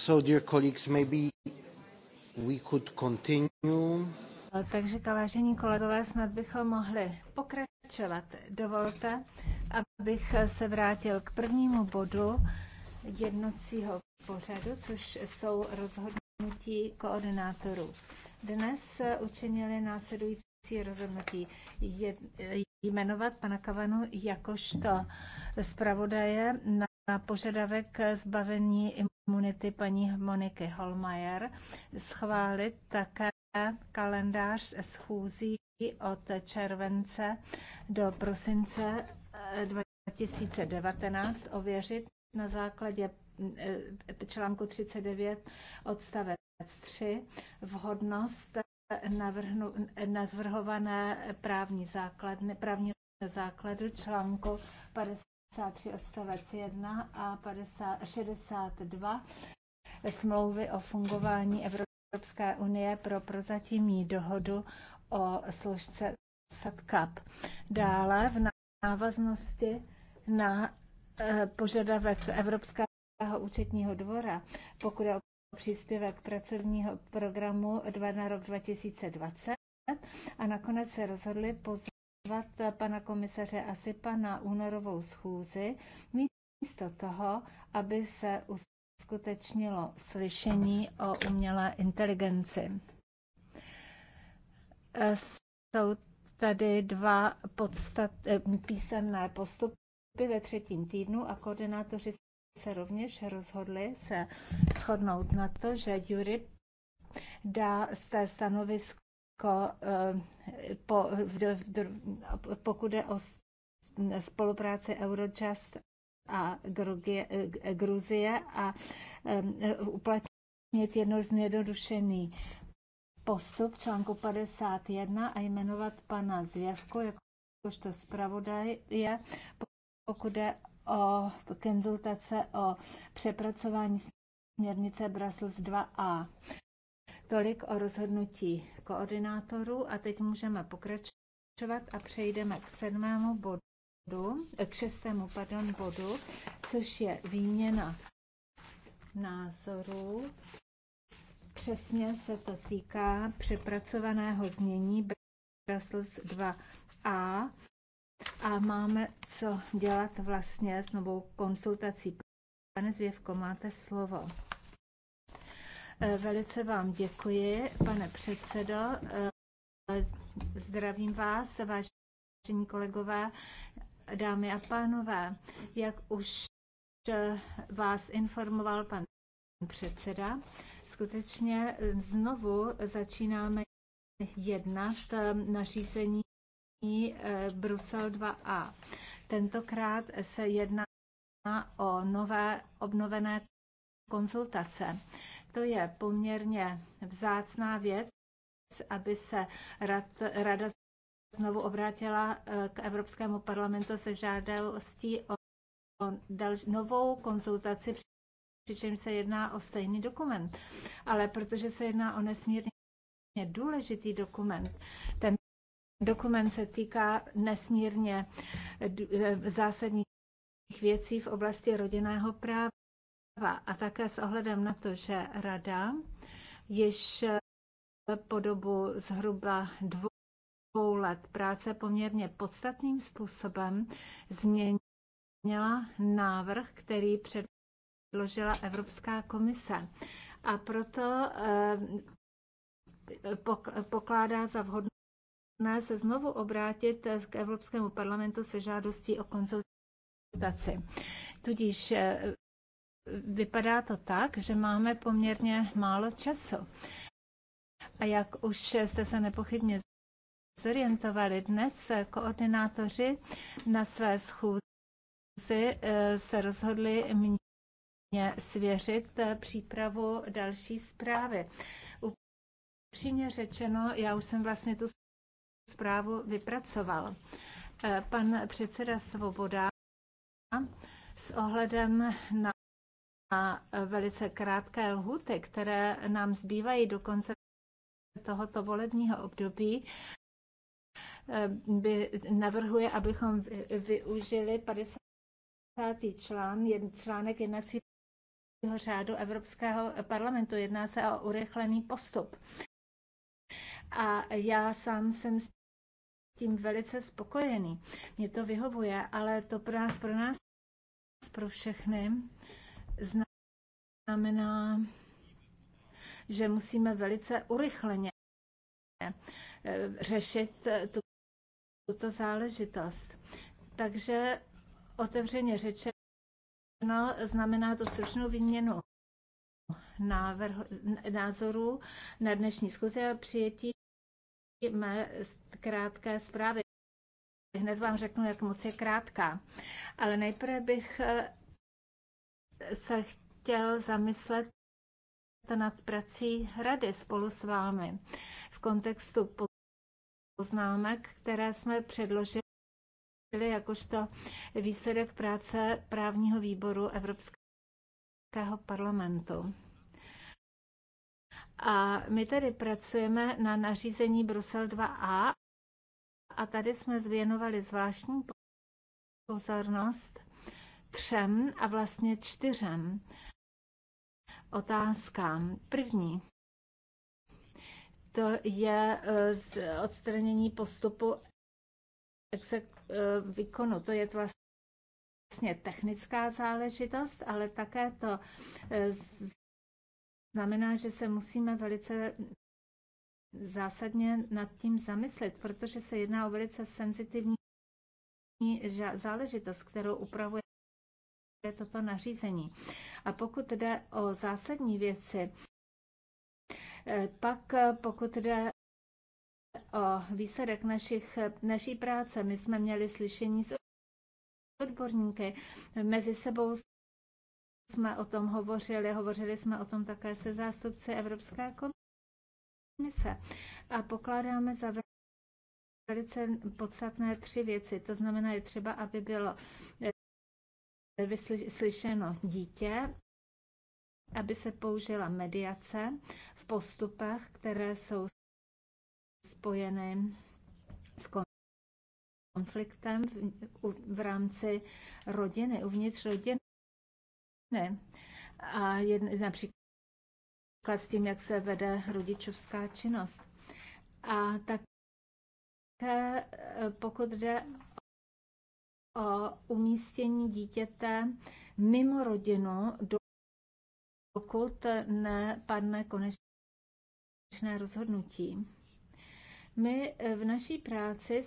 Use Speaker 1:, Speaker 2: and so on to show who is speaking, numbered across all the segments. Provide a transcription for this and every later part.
Speaker 1: So, dear colleagues, maybe we could continue.
Speaker 2: Takže, vážení kolegové, snad bychom mohli pokračovat. Dovolte, abych se vrátil k prvnímu bodu jednocího pořadu, což jsou rozhodnutí koordinátorů. Dnes učinili následující rozhodnutí jmenovat pana Kavanu jakožto zpravodaje na na požadavek zbavení imunity paní Moniky Holmajer schválit také kalendář schůzí od července do prosince 2019 eh, ověřit na základě eh, článku 39 odstavec 3 vhodnost eh, na zvrhované právní základny, právního základu článku 50 53 odstavec 1 a 50, 62 smlouvy o fungování Evropské unie pro prozatímní dohodu o složce SATCAP. Dále v návaznosti na e, požadavek Evropského účetního dvora, pokud je o příspěvek pracovního programu 2 na rok 2020, a nakonec se rozhodli poz, pozvat pana komisaře Asipa na únorovou schůzi, místo toho, aby se uskutečnilo slyšení o umělé inteligenci. Jsou tady dva podstat, písemné postupy ve třetím týdnu a koordinátoři se rovněž rozhodli se shodnout na to, že Jury dá z té stanovisko Eh, po, pokud jde o spolupráci Eurojust a eh, Gruzie a eh, uplatnit jedno zjednodušený postup článku 51 a jmenovat pana Zvěvku jakožto je, pokud jde o konzultace o přepracování směrnice Brussels 2a. Tolik o rozhodnutí koordinátorů a teď můžeme pokračovat a přejdeme k sedmému bodu, k šestému pardon, bodu, což je výměna názorů. Přesně se to týká přepracovaného znění Brussels 2a a máme co dělat vlastně s novou konsultací. Pane Zvěvko, máte slovo. Velice vám děkuji, pane předsedo. Zdravím vás, vážení kolegové, dámy a pánové. Jak už vás informoval pan předseda, skutečně znovu začínáme jednat nařízení Brusel 2a. Tentokrát se jedná o nové obnovené konzultace. To je poměrně vzácná věc, aby se rad, rada znovu obrátila eh, k Evropskému parlamentu se žádostí o, o další, novou konzultaci, přičemž se jedná o stejný dokument. Ale protože se jedná o nesmírně důležitý dokument, ten dokument se týká nesmírně eh, zásadních věcí v oblasti rodinného práva a také s ohledem na to, že rada již po dobu zhruba dvou let práce poměrně podstatným způsobem změnila návrh, který předložila Evropská komise. A proto eh, pokládá za vhodné se znovu obrátit k Evropskému parlamentu se žádostí o konzultaci. Tudíž eh, vypadá to tak, že máme poměrně málo času. A jak už jste se nepochybně zorientovali dnes, koordinátoři na své schůzi eh, se rozhodli mě svěřit eh, přípravu další zprávy. Upřímně řečeno, já už jsem vlastně tu zprávu vypracoval. Eh, pan předseda Svoboda s ohledem na a e, velice krátké lhuty, které nám zbývají do konce tohoto volebního období, e, by navrhuje, abychom využili 50. člán, článek jednacího řádu Evropského parlamentu. Jedná se o urychlený postup. A já sám jsem s tím velice spokojený. Mě to vyhovuje, ale to pro nás, pro nás, pro všechny znamená, že musíme velice urychleně eh, řešit eh, tu, tuto záležitost. Takže otevřeně řečeno znamená to stručnou výměnu návrh, názorů na dnešní schůzi a přijetí mé krátké zprávy. Hned vám řeknu, jak moc je krátká. Ale nejprve bych eh, se chtěl zamyslet nad prací rady spolu s vámi v kontextu poznámek, které jsme předložili jakožto výsledek práce právního výboru Evropského parlamentu. A my tedy pracujeme na nařízení Brusel 2a a tady jsme zvěnovali zvláštní pozornost třem a vlastně čtyřem otázkám. První, to je eh, z odstranění postupu eh, výkonu. To je vlastně technická záležitost, ale také to eh, znamená, že se musíme velice zásadně nad tím zamyslet, protože se jedná o velice senzitivní záležitost, kterou upravuje toto nařízení. A pokud jde o zásadní věci, eh, pak eh, pokud jde o výsledek našich, eh, naší práce, my jsme měli slyšení s odborníky, mezi sebou jsme o tom hovořili, hovořili jsme o tom také se zástupci Evropské komise a pokládáme za velice podstatné tři věci. To znamená, je třeba, aby bylo vyslyšeno dítě, aby se použila mediace v postupech, které jsou spojeny s konfliktem v, v rámci rodiny, uvnitř rodiny. A jed, například s tím, jak se vede rodičovská činnost. A tak eh, pokud jde o umístění dítěte mimo rodinu, dokud nepadne konečné rozhodnutí. My v naší práci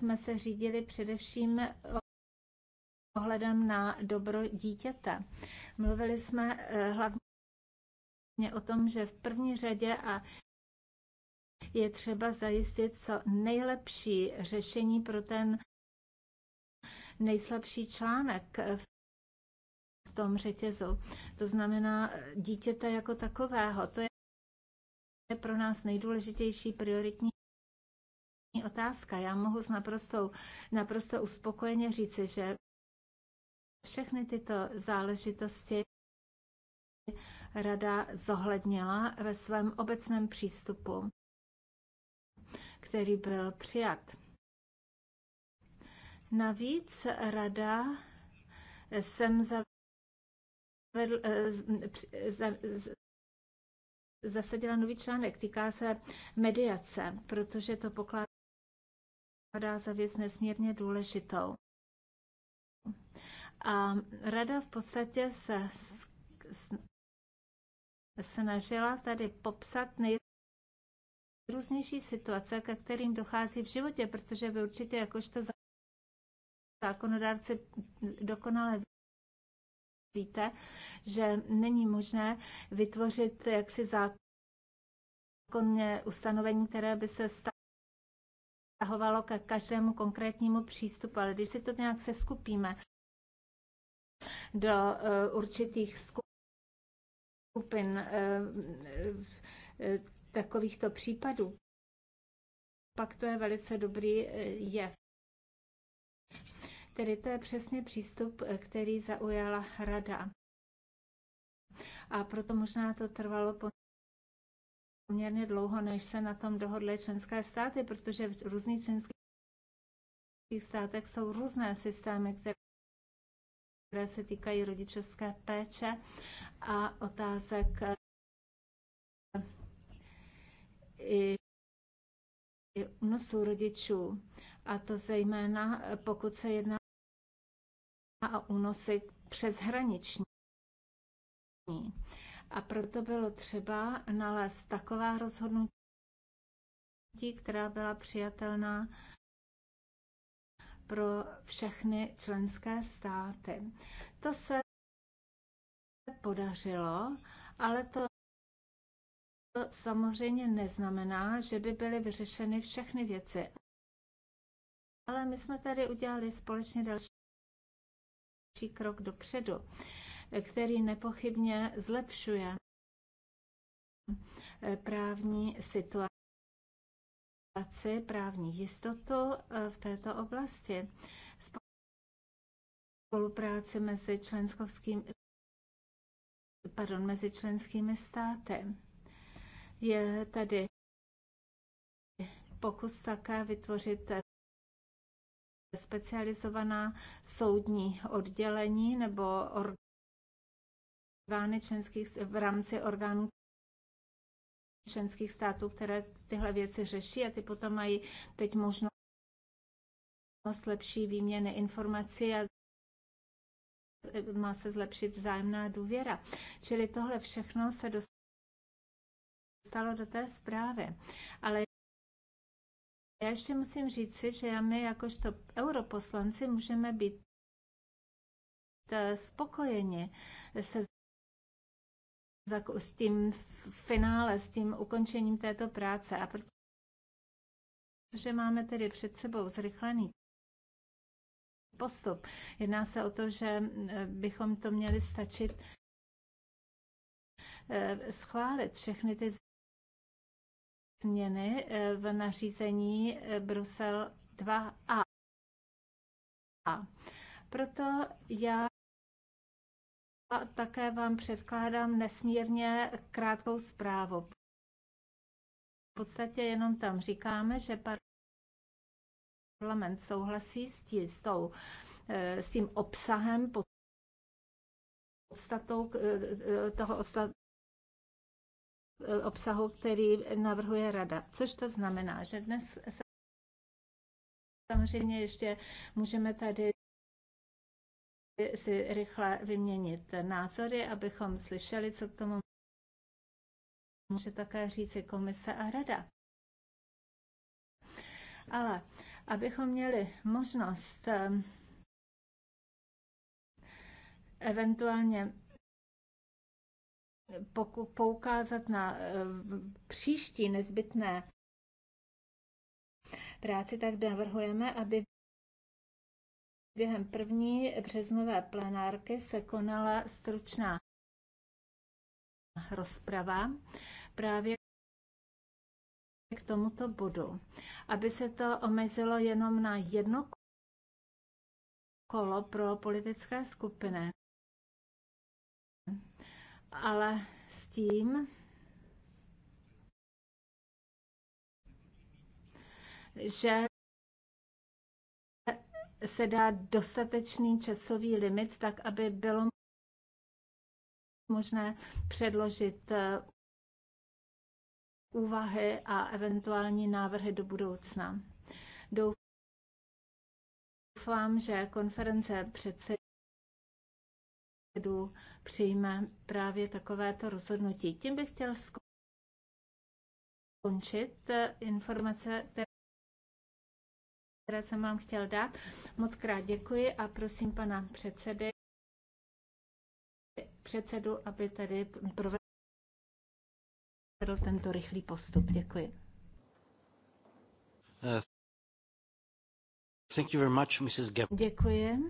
Speaker 2: jsme se řídili především ohledem na dobro dítěte. Mluvili jsme eh, hlavně o tom, že v první řadě a je třeba zajistit co nejlepší řešení pro ten nejslabší článek v tom řetězu. To znamená dítěte jako takového. To je pro nás nejdůležitější prioritní otázka. Já mohu s naprostou, naprosto uspokojeně říci, že všechny tyto záležitosti rada zohlednila ve svém obecném přístupu, který byl přijat. Navíc rada jsem zavedl, eh, zasadila nový článek, týká se mediace, protože to pokládá za věc nesmírně důležitou. A rada v podstatě se snažila tady popsat nejrůznější situace, ke kterým dochází v životě, protože vy určitě jakožto zákonodárci dokonale víte, že není možné vytvořit jaksi zákonně ustanovení, které by se stahovalo ke každému konkrétnímu přístupu. Ale když si to nějak seskupíme do eh, určitých skupin eh, eh, takovýchto případů, pak to je velice dobrý jev. Tedy to je přesně přístup, který zaujala rada. A proto možná to trvalo po poměrně dlouho, než se na tom dohodly členské státy, protože v různých členských státech jsou různé systémy, které se týkají rodičovské péče a otázek eh, i unosu rodičů. A to zejména, pokud se jedná a únosy přeshraniční. A proto bylo třeba nalézt taková rozhodnutí, která byla přijatelná pro všechny členské státy. To se podařilo, ale to samozřejmě neznamená, že by byly vyřešeny všechny věci. Ale my jsme tady udělali společně další další krok dopředu, který nepochybně zlepšuje eh, právní situaci, právní jistotu eh, v této oblasti. Spolupráci mezi, členskovským pardon, mezi členskými státy. Je tady pokus také vytvořit specializovaná soudní oddělení nebo orgány členských, v rámci orgánů členských států, které tyhle věci řeší a ty potom mají teď možnost lepší výměny informací a má se zlepšit vzájemná důvěra. Čili tohle všechno se dostalo do té zprávy. Ale já ještě musím říci, že my jakožto europoslanci můžeme být eh, spokojeni se s tím finále, s tím ukončením této práce. A protože máme tedy před sebou zrychlený postup, jedná se o to, že eh, bychom to měli stačit eh, schválit všechny ty změny eh, v nařízení eh, Brusel 2a. Proto já také vám předkládám nesmírně krátkou zprávu. V podstatě jenom tam říkáme, že parlament souhlasí s, tí, s, tou, eh, s tím obsahem podstatou toho Eh, obsahu, který navrhuje rada. Což to znamená, že dnes samozřejmě ještě můžeme tady si rychle vyměnit názory, abychom slyšeli, co k tomu může také říci komise a rada. Ale abychom měli možnost eh, eventuálně poukázat na eh, příští nezbytné práci, tak navrhujeme, aby během první březnové plenárky se konala stručná rozprava právě k tomuto bodu, aby se to omezilo jenom na jedno kolo pro politické skupiny ale s tím, že se dá dostatečný časový limit, tak aby bylo možné předložit eh, úvahy a eventuální návrhy do budoucna. Doufám, že konference přece předsedů přijme právě takovéto rozhodnutí. Tím bych chtěl skončit eh, informace, které jsem vám chtěl dát. Moc krát děkuji a prosím pana předsedy, předsedu, aby tady provedl tento rychlý postup. Děkuji.
Speaker 1: Uh, thank you very much, Mrs. Gep.
Speaker 2: Děkuji.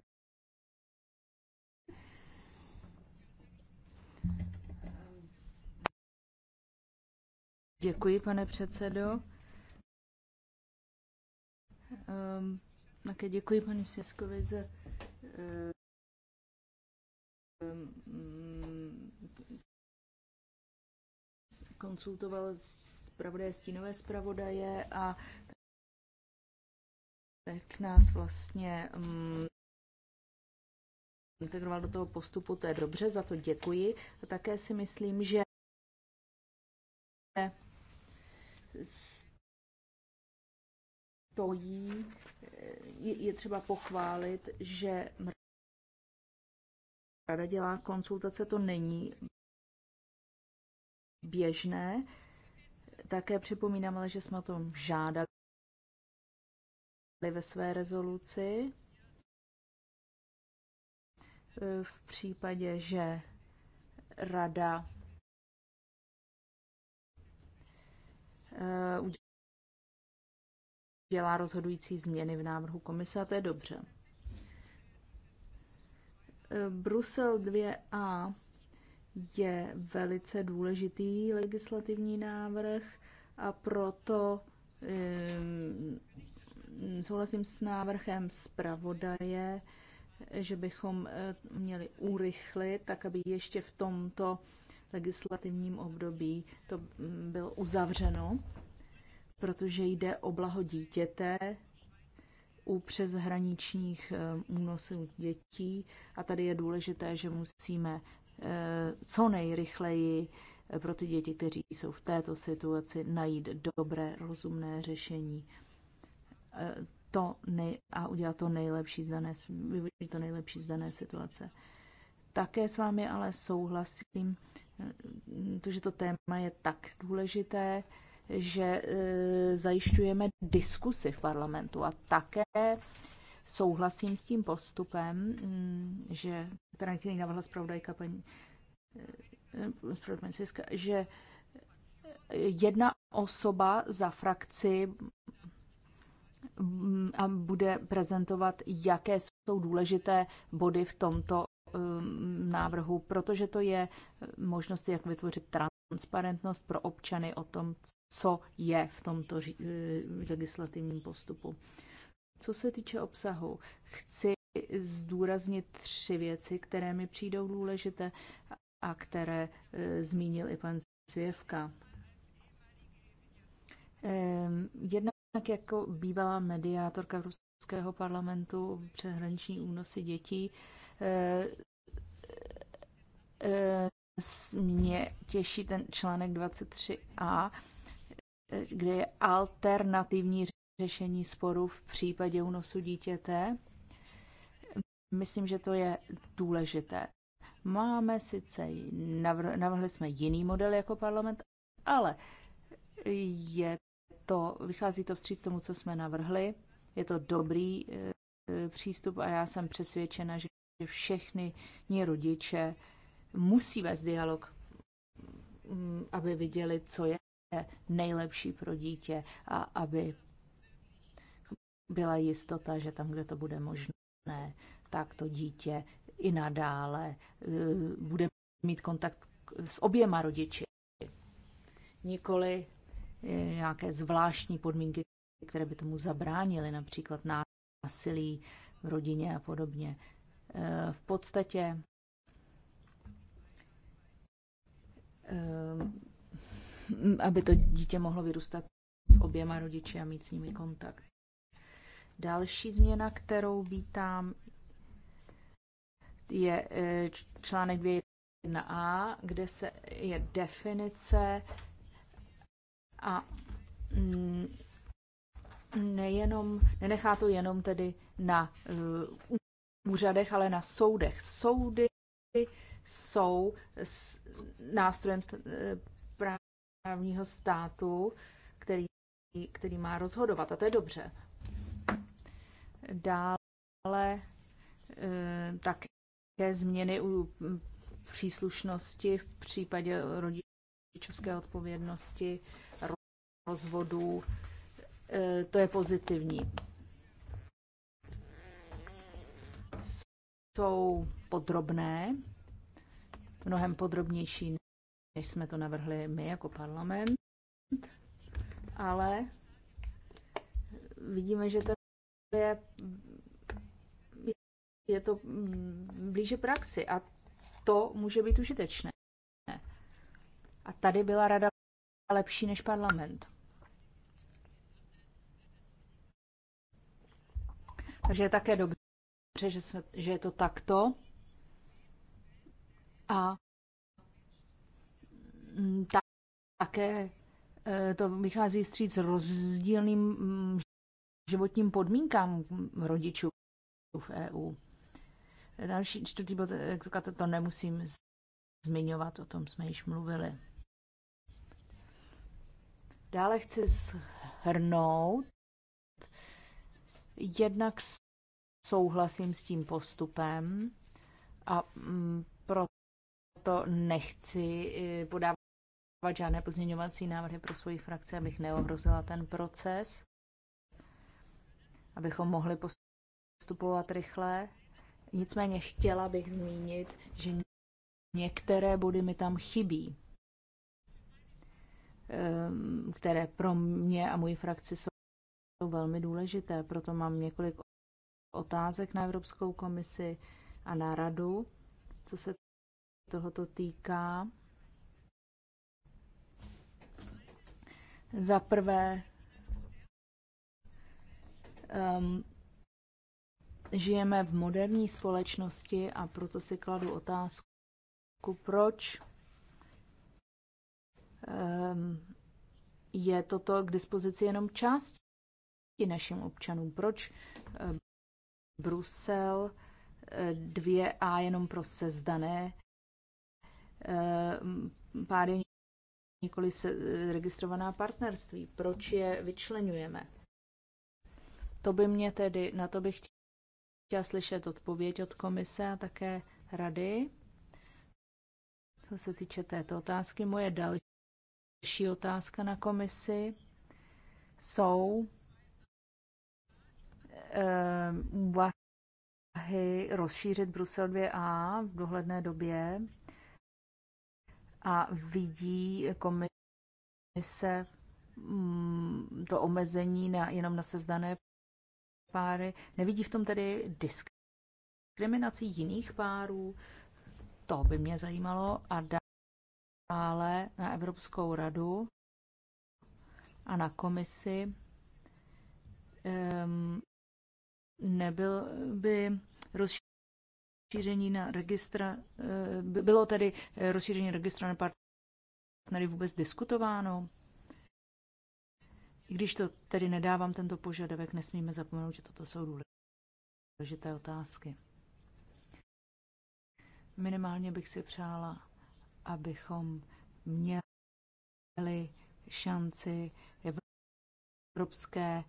Speaker 2: Děkuji, pane předsedo. Um, také děkuji paní Sěskovi za um, konsultoval zpravodaje stínové zpravodaje a tak nás vlastně um, integroval do toho postupu, to je dobře, za to děkuji. A také si myslím, že stojí, je, je třeba pochválit, že rada dělá konsultace, to není běžné. Také připomínám, ale že jsme o tom žádali ve své rezoluci. V případě, že rada Eh, dělá rozhodující změny v návrhu komise a to je dobře. Eh, Brusel 2a je velice důležitý legislativní návrh a proto eh, souhlasím s návrhem zpravodaje, že bychom měli urychlit, tak aby ještě v tomto legislativním období to mm, bylo uzavřeno, protože jde o blaho dítěte u přeshraničních eh, únosů dětí a tady je důležité, že musíme eh, co nejrychleji eh, pro ty děti, kteří jsou v této situaci, najít dobré, rozumné řešení to nej, a udělat to nejlepší z dané, využít to nejlepší z dané situace. Také s vámi ale souhlasím, to, že to téma je tak důležité, že e, zajišťujeme diskusy v parlamentu a také souhlasím s tím postupem, mm, že, která který navrhla e, zpravodajka paní Siska, že jedna osoba za frakci mm, a bude prezentovat, jaké jsou důležité body v tomto Um, návrhu, protože to je eh, možnost, jak vytvořit transparentnost pro občany o tom, co je v tomto eh, legislativním postupu. Co se týče obsahu, chci zdůraznit tři věci, které mi přijdou důležité a které eh, zmínil i pan Svěvka. Ehm, Jedna tak jako bývalá mediátorka Ruského parlamentu přehraniční únosy dětí, Eh, eh, mě těší ten článek 23a, eh, kde je alternativní řešení sporů v případě unosu dítěte. Myslím, že to je důležité. Máme sice, navrh, navrhli jsme jiný model jako parlament, ale je to, vychází to vstříc tomu, co jsme navrhli. Je to dobrý e, přístup a já jsem přesvědčena, že že všechny rodiče musí vést dialog, mm, aby viděli, co je nejlepší pro dítě a aby byla jistota, že tam, kde to bude možné, tak to dítě i nadále eh, bude mít kontakt s oběma rodiči. Nikoli eh, nějaké zvláštní podmínky, které by tomu zabránily, například násilí v rodině a podobně. Eh, v podstatě eh, aby to dítě mohlo vyrůstat s oběma rodiči a mít s nimi kontakt. Další změna, kterou vítám, je eh, článek 2.1a, kde se je definice a mm, nejenom, nenechá to jenom tedy na úřadech, ale na soudech. Soudy jsou nástrojem eh, právního státu, který, který má rozhodovat. A to je dobře. Dále eh, také změny u příslušnosti v případě rodičovské odpovědnosti, rozvodů. Eh, to je pozitivní. jsou podrobné, mnohem podrobnější, než jsme to navrhli my jako parlament, ale vidíme, že to je, je to blíže praxi a to může být užitečné. A tady byla rada lepší než parlament. Takže je také dobře, dobře, že, jsme, že je to takto. A mm, také e, to vychází vstříc rozdílným mm, životním podmínkám rodičů v EU. Další čtvrtý bod, e, to, to nemusím zmiňovat, o tom jsme již mluvili. Dále chci shrnout jednak souhlasím s tím postupem a mm, proto nechci eh, podávat žádné pozměňovací návrhy pro svoji frakci, abych neohrozila ten proces, abychom mohli postupovat rychle. Nicméně chtěla bych zmínit, že některé body mi tam chybí, ehm, které pro mě a moji frakci jsou velmi důležité, proto mám několik otázek na Evropskou komisi a na radu, co se tohoto týká. Za prvé, um, žijeme v moderní společnosti a proto si kladu otázku, proč um, je toto k dispozici jenom části našim občanům, proč um, Brusel eh, dvě a jenom pro sezdané eh, je nikoli se, eh, registrovaná partnerství. Proč je vyčlenujeme? To by mě tedy, na to bych chtěla slyšet odpověď od komise a také rady. Co se týče této otázky, moje další otázka na komisi jsou Eh, úvahy rozšířit Brusel 2a v dohledné době a vidí komise mm, to omezení na, jenom na sezdané páry. Nevidí v tom tedy diskriminaci jiných párů? To by mě zajímalo. A dále na Evropskou radu a na komisi. Um, nebyl by rozšíření na registra, eh, by bylo tedy eh, rozšíření registra na partnery vůbec diskutováno? I když to tedy nedávám tento požadavek, nesmíme zapomenout, že toto jsou důležité otázky. Minimálně bych si přála, abychom měli šanci evropské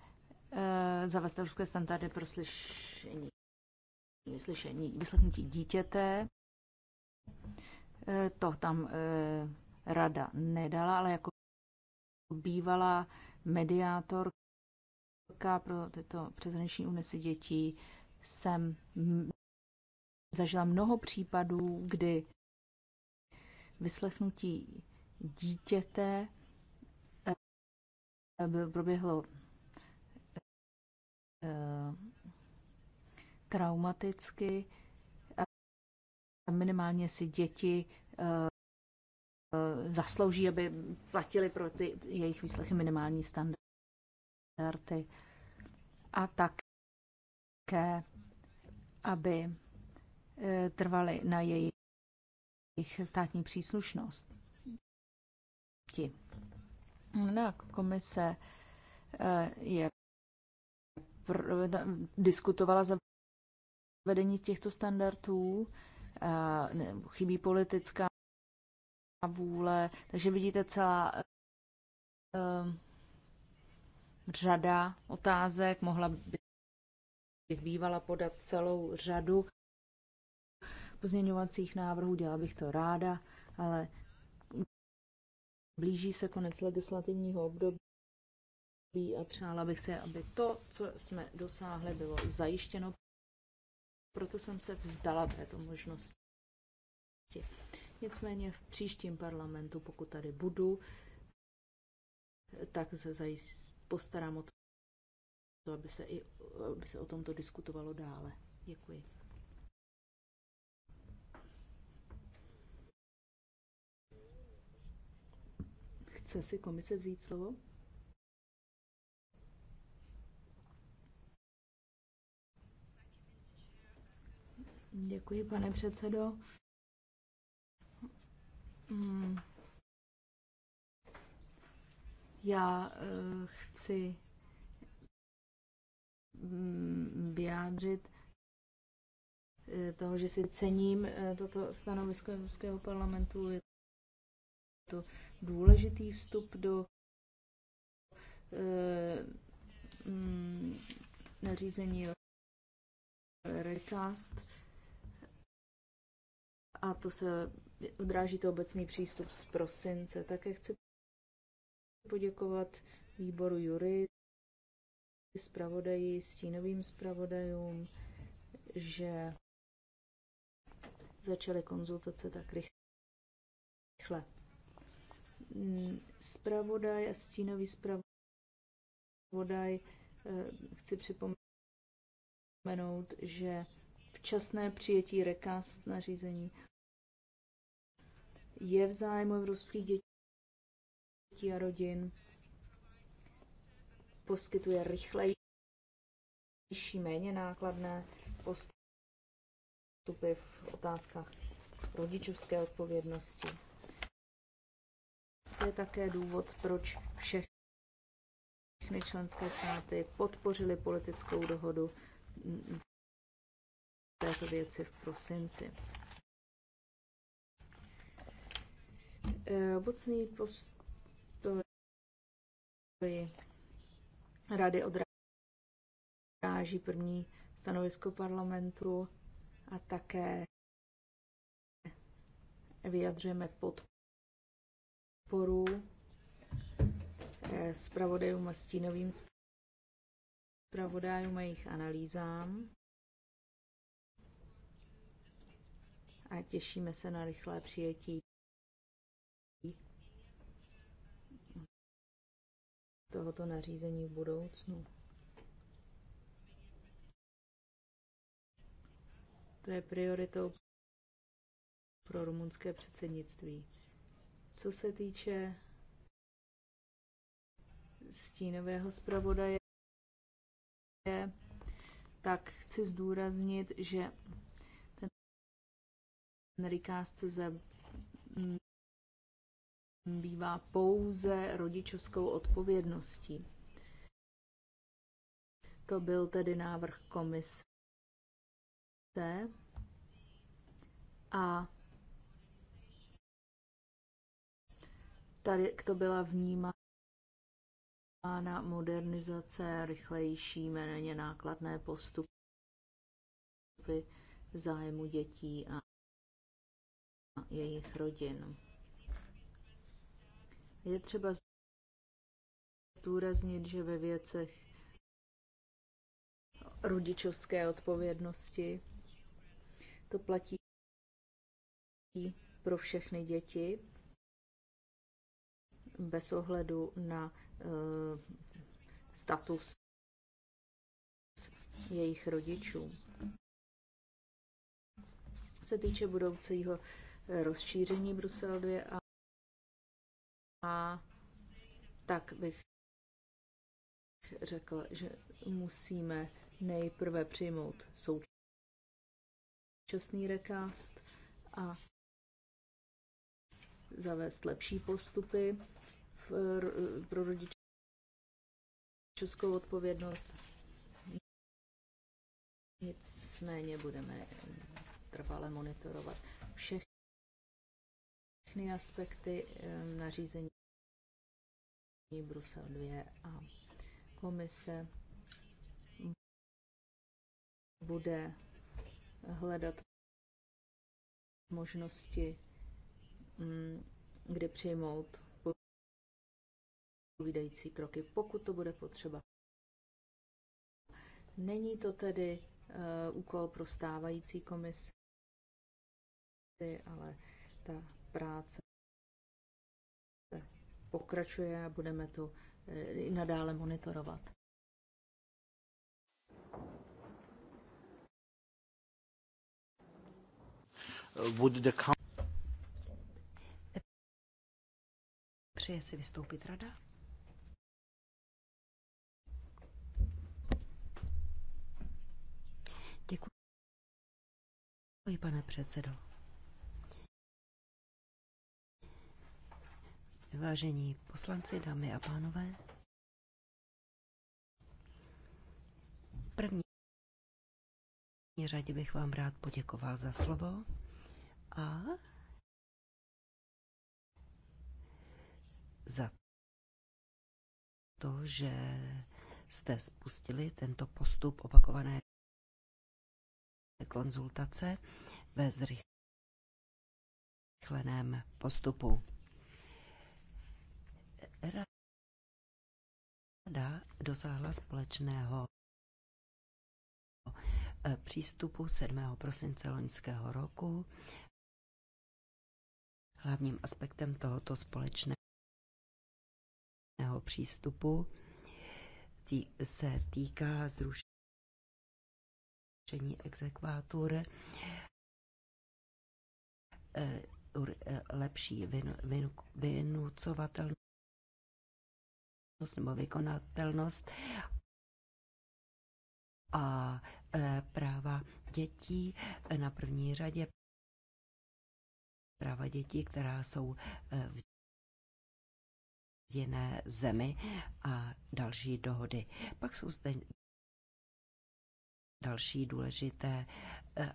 Speaker 2: Eh, zavést evropské standardy pro slyšení, slyšení vyslechnutí dítěte. Eh, to tam eh, rada nedala, ale jako bývalá mediátorka pro tyto přeshraniční unesy dětí jsem zažila mnoho případů, kdy vyslechnutí dítěte proběhlo Eh, traumaticky a minimálně si děti eh, zaslouží, aby platili pro ty jejich výslechy minimální standardy a také, aby eh, trvali na jejich státní příslušnost. Ti. No, komise je pr- na, diskutovala zavedení těchto standardů. A, ne, chybí politická vůle, takže vidíte celá uh, řada otázek. Mohla bych bývala podat celou řadu pozměňovacích návrhů, dělala bych to ráda, ale blíží se konec legislativního období a přála bych si, aby to, co jsme dosáhli, bylo zajištěno. Proto jsem se vzdala této možnosti. Nicméně v příštím parlamentu, pokud tady budu, tak se zajist, postarám o to, aby se, i, aby se o tomto diskutovalo dále. Děkuji. Chce si komise vzít slovo? Děkuji, pane předsedo. Mm. Já eh, chci mm, vyjádřit eh, toho, že si cením eh, toto stanovisko Evropského parlamentu. Je to důležitý vstup do mm, nařízení recast a to se odráží to obecný přístup z prosince. Také chci poděkovat výboru Jury, zpravodaji, stínovým zpravodajům, že začaly konzultace tak rychle. Spravodaj mm, a stínový spravodaj eh, chci připomenout, že včasné přijetí rekast nařízení je v zájmu evropských dětí a rodin, poskytuje rychlejší, méně nákladné postupy v otázkách rodičovské odpovědnosti. To je také důvod, proč všechny členské státy podpořily politickou dohodu této věci v prosinci. Eh, obecný postoj rady odráží první stanovisko parlamentu a také vyjadřujeme podporu eh, zpravodajům a stínovým zpravodajům a jejich analýzám. A těšíme se na rychlé přijetí tohoto nařízení v budoucnu. To je prioritou pro rumunské předsednictví. Co se týče stínového zpravodaje, tak chci zdůraznit, že ten recast CZ bývá pouze rodičovskou odpovědností. To byl tedy návrh komise. A tady to byla vnímána modernizace, rychlejší, méně nákladné postupy zájmu dětí a jejich rodin. Je třeba zdůraznit, že ve věcech rodičovské odpovědnosti to platí pro všechny děti bez ohledu na uh, status jejich rodičů. Se týče budoucího eh, rozšíření Brusel 2 a a tak bych řekl, že musíme nejprve přijmout současný recast a zavést lepší postupy v, pro rodičovskou odpovědnost. Nicméně budeme trvale monitorovat všechny všechny aspekty nařízení Brusel 2 a komise bude hledat možnosti, mm, kde přijmout povídající kroky, pokud to bude potřeba. Není to tedy eh, úkol pro stávající komisi, ale ta práce pokračuje a budeme to eh, i nadále monitorovat.
Speaker 1: Would the
Speaker 3: Přeje si vystoupit rada? Děkuji, pane předsedo. Vážení poslanci, dámy a pánové, v první řadě bych vám rád poděkoval za slovo a za to, že jste spustili tento postup opakované konzultace ve zrychleném postupu. Rada dosáhla společného eh, přístupu 7. prosince loňského roku. Hlavním aspektem tohoto společného přístupu se týká zrušení exekvátur, eh, eh, lepší vynucovatelnost, nebo vykonatelnost a e, práva dětí na první řadě práva dětí, která jsou e, v jiné zemi a další dohody. Pak jsou zde další důležité e,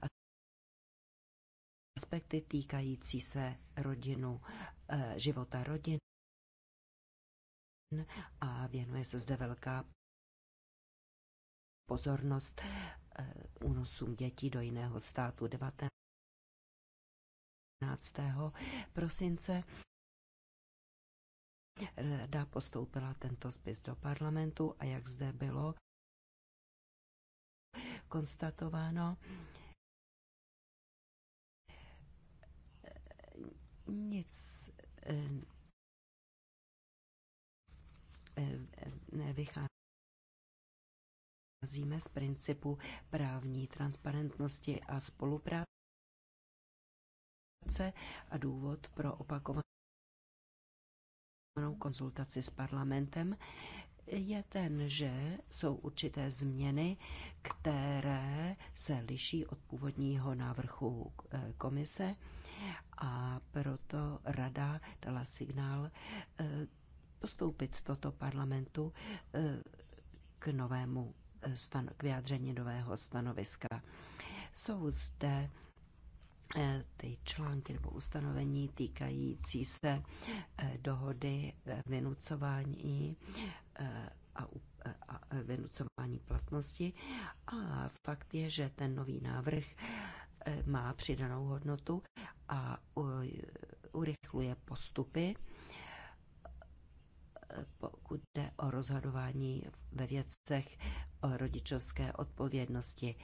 Speaker 3: aspekty týkající se rodinu, života rodiny, a věnuje se zde velká pozornost e, únosům dětí do jiného státu 19. prosince. Rada postoupila tento spis do parlamentu a jak zde bylo konstatováno, e, nic e, vycházíme z principu právní transparentnosti a spolupráce a důvod pro opakovanou konzultaci s parlamentem je ten, že jsou určité změny, které se liší od původního návrhu eh, komise a proto rada dala signál eh, postoupit toto parlamentu eh, k novému eh, stan- k vyjádření nového stanoviska. Jsou zde eh, ty články nebo ustanovení týkající se dohody vynucování a, a vynucování platnosti. A fakt je, že ten nový návrh má přidanou hodnotu a urychluje postupy pokud jde o rozhodování ve věcech o rodičovské odpovědnosti.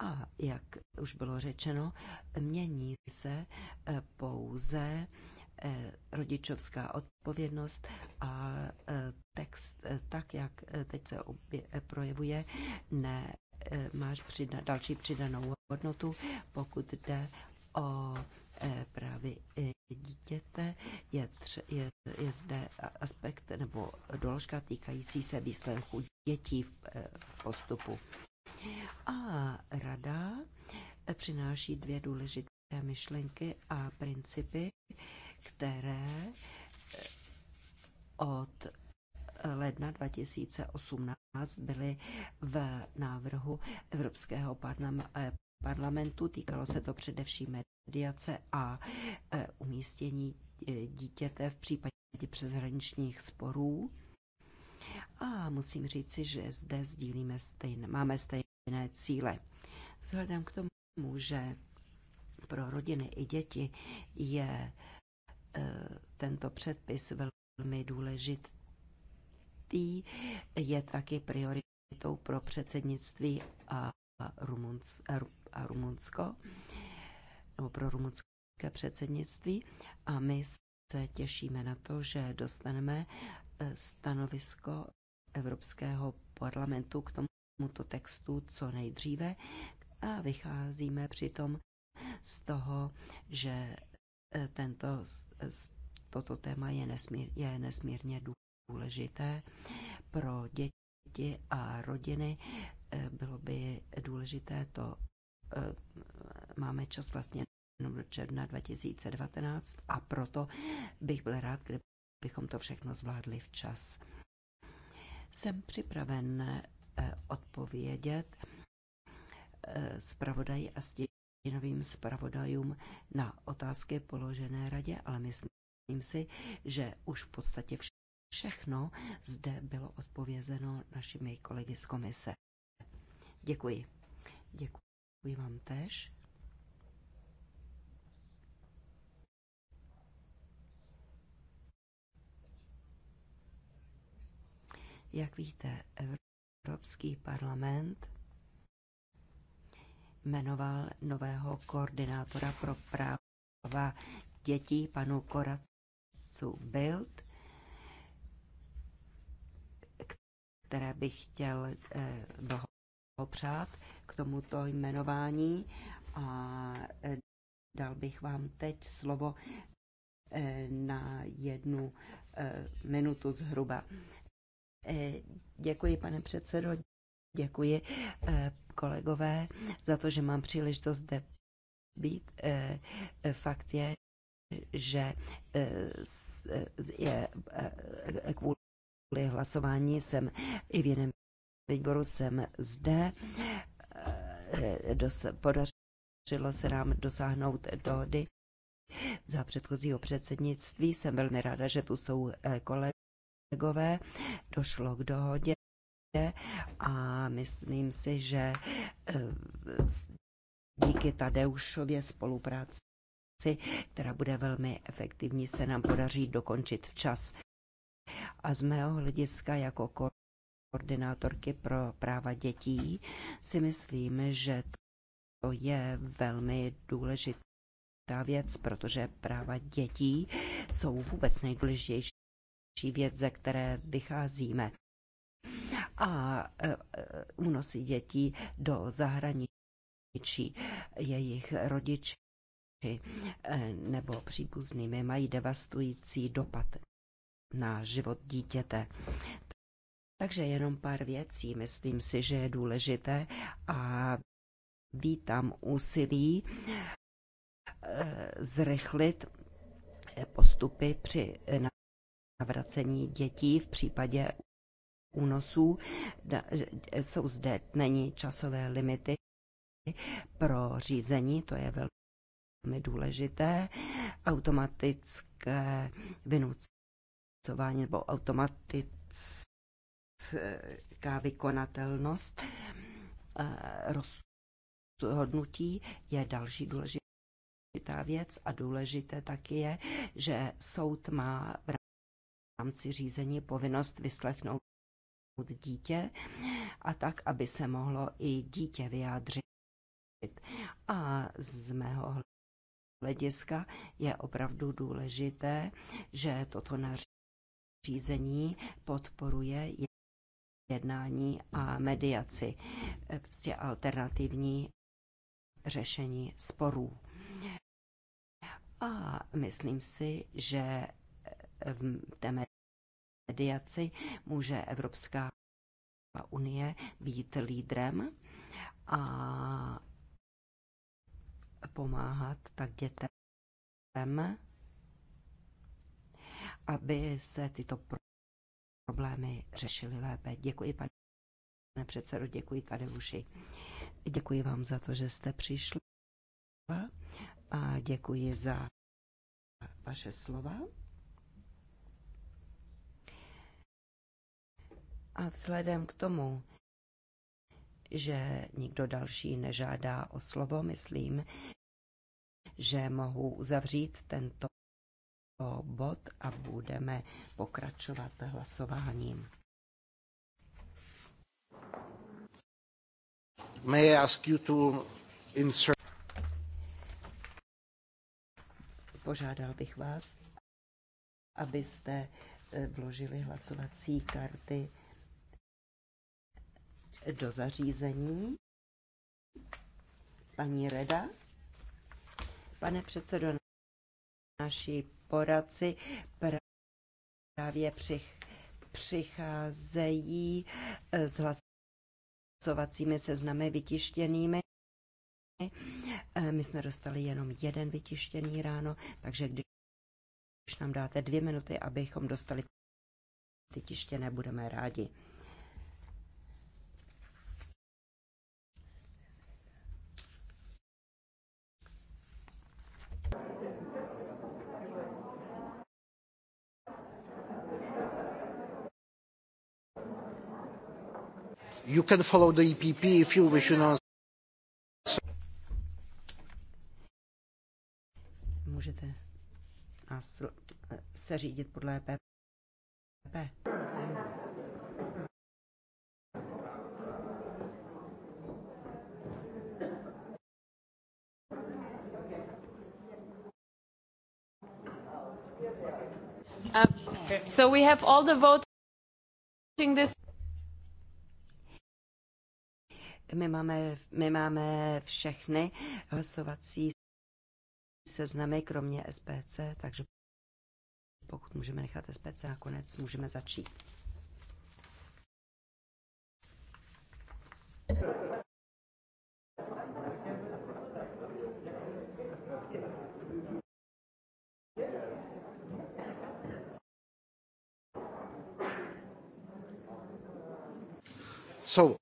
Speaker 3: A jak už bylo řečeno, mění se eh, pouze eh, rodičovská odpovědnost a eh, text, tak jak teď se projevuje, ne, máš přidna, další přidanou hodnotu, pokud jde o E, právě e, dítěte, je, tře, je, je zde aspekt nebo doložka týkající se výsledků dětí v, e, v postupu. A rada přináší dvě důležité myšlenky a principy, které od ledna 2018 byly v návrhu Evropského parlamentu. Týkalo se to především mediace a e, umístění e, dítěte v případě přeshraničních sporů. A musím říci, že zde sdílíme stejné, máme stejné cíle. Vzhledem k tomu, že pro rodiny i děti je e, tento předpis velmi důležitý, je taky prioritou pro předsednictví a, Rumunc, a Rumunsko nebo pro rumunské předsednictví a my se těšíme na to, že dostaneme e, stanovisko Evropského parlamentu k tomuto textu co nejdříve a vycházíme přitom z toho, že e, tento, toto téma je, nesmír, je nesmírně důležité pro děti a rodiny. E, bylo by důležité to máme čas vlastně jenom do června 2019 a proto bych byl rád, kdybychom to všechno zvládli včas. Jsem připraven eh, odpovědět eh, zpravodaji a stínovým zpravodajům na otázky položené radě, ale myslím si, že už v podstatě všechno zde bylo odpovězeno našimi kolegy z komise. Děkuji. Děkuji vám tež. Jak víte, Evropský parlament jmenoval nového koordinátora pro práva dětí, panu Koracu Bild, které bych chtěl eh, blahopřát k tomuto jmenování a eh, dal bych vám teď slovo eh, na jednu minutu zhruba. Eh, děkuji, pane předsedo, děkuji eh, kolegové za to, že mám příležitost zde být. Eh, fakt je, že je kvůli hlasování jsem i v jiném výboru jsem zde. podařilo se nám dosáhnout dohody. Za předchozího předsednictví jsem velmi ráda, že tu jsou kolegové kolegové, došlo k dohodě a myslím si, že eh, díky Tadeušově spolupráci, která bude velmi efektivní, se nám podaří dokončit včas. A z mého hlediska jako koordinátorky pro práva dětí si myslím, že to je velmi důležitá věc, protože práva dětí jsou vůbec nejdůležitější věc, ze které vycházíme. A e, e, únosy dětí do zahraničí jejich rodiči e, nebo příbuznými mají devastující dopad na život dítěte. Takže jenom pár věcí, myslím si, že je důležité a vítám úsilí zrychlit postupy při na navracení dětí v případě únosů. E, jsou zde, není časové limity pro řízení, to je velmi důležité. Automatické vynucování nebo automatická vykonatelnost e, rozhodnutí je další důležitá věc a důležité taky je, že soud má v rámci řízení povinnost vyslechnout dítě a tak, aby se mohlo i dítě vyjádřit. A z mého hlediska je opravdu důležité, že toto nařízení podporuje jednání a mediaci, prostě alternativní řešení sporů. A myslím si, že v té mediaci může Evropská unie být lídrem a pomáhat tak dětem, aby se tyto problémy řešily lépe. Děkuji, pane předsedo, děkuji Tadeuši. Děkuji vám za to, že jste přišli a děkuji za vaše slova. A vzhledem k tomu, že nikdo další nežádá o slovo, myslím, že mohu uzavřít tento bod a budeme pokračovat hlasováním.
Speaker 1: May I ask you to insert...
Speaker 3: Požádal bych vás, abyste eh, vložili hlasovací karty do zařízení. Paní Reda. Pane předsedo, naši poradci právě přich, přicházejí eh, s hlasovacími seznamy vytištěnými. Eh, my jsme dostali jenom jeden vytištěný ráno, takže když nám dáte dvě minuty, abychom dostali ty budeme rádi.
Speaker 1: You can follow
Speaker 3: the EPP if you wish, you know. Můžete nás eh, se řídit podle EPP. Uh, so we have all the voting this my máme, my máme všechny hlasovací seznamy, kromě SPC, takže pokud můžeme nechat SPC na konec, můžeme začít. So,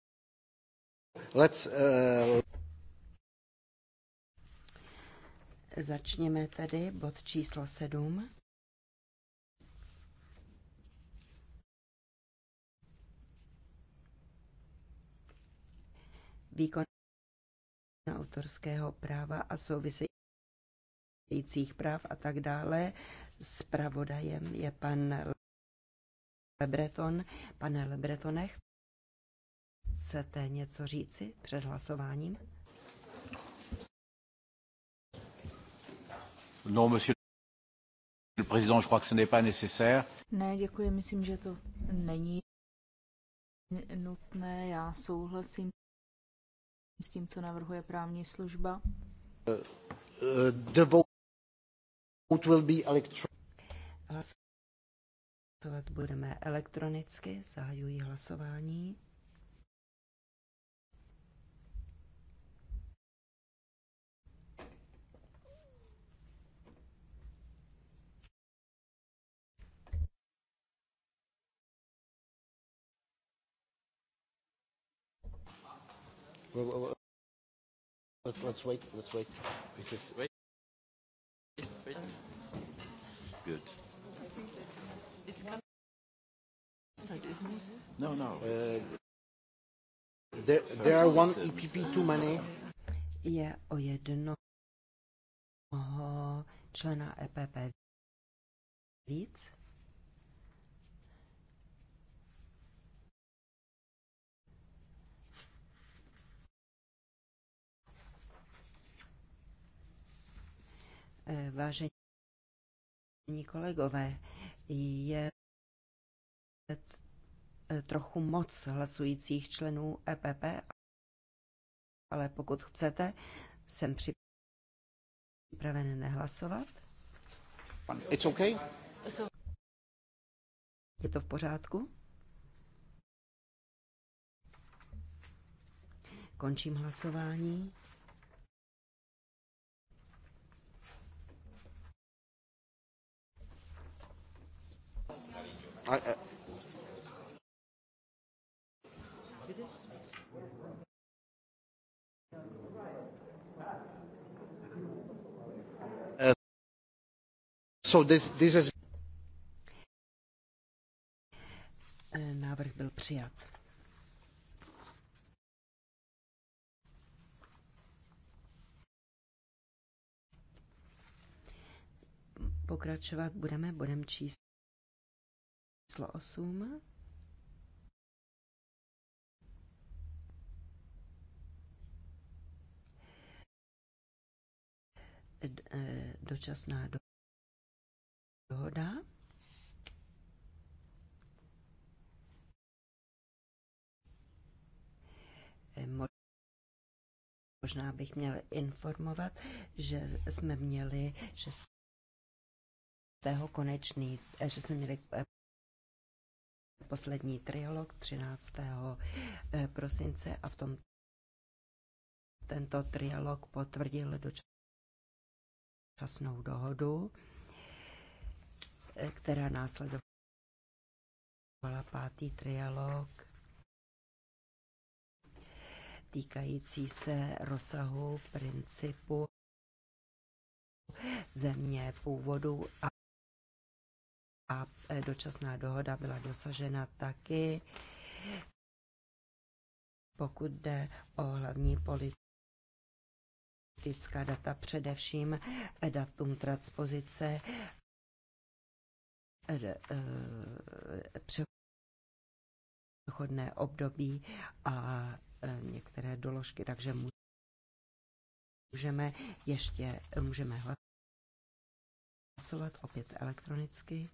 Speaker 3: Let's, uh... Začněme tedy bod číslo 7. Výkon autorského práva a souvisejících práv a tak dále. Spravodajem je pan Lebreton. Pane Lebretone, Chcete něco říci před hlasováním?
Speaker 1: No, monsieur le président, je crois que ce n'est pas nécessaire.
Speaker 2: Ne, děkuji, myslím, že to není nutné. Já souhlasím s tím, co navrhuje právní služba.
Speaker 1: Uh, uh, the vote will be electronic.
Speaker 3: Hlasovat budeme elektronicky. Zahajuji hlasování.
Speaker 1: well, well, well, let's, let's wait. Let's wait. This is wait. wait. Good. It's cut, isn't it? No, no. Uh, there, there are one EPP too many.
Speaker 3: Je o jednoho člena EPP víc. Eh, vážení kolegové, je eh, trochu moc hlasujících členů EPP, ale pokud chcete, jsem připraven nehlasovat. It's okay. Je to v pořádku? Končím hlasování.
Speaker 1: so this, this is...
Speaker 3: Návrh byl přijat. Pokračovat budeme budeme číst číslo 8. Eh, dočasná dohoda. Eh, možná bych měl informovat, že jsme měli že 6. konečný, eh, že jsme měli poslední triolog 13. Eh, prosince a v tom tento triolog potvrdil dočasnou dohodu, eh, která následovala pátý triolog týkající se rozsahu principu země původu a a e, dočasná dohoda byla dosažena taky, pokud jde o hlavní politická data, především e, datum transpozice e, přechodné období a některé doložky, takže můžeme ještě můžeme hlasovat opět elektronicky.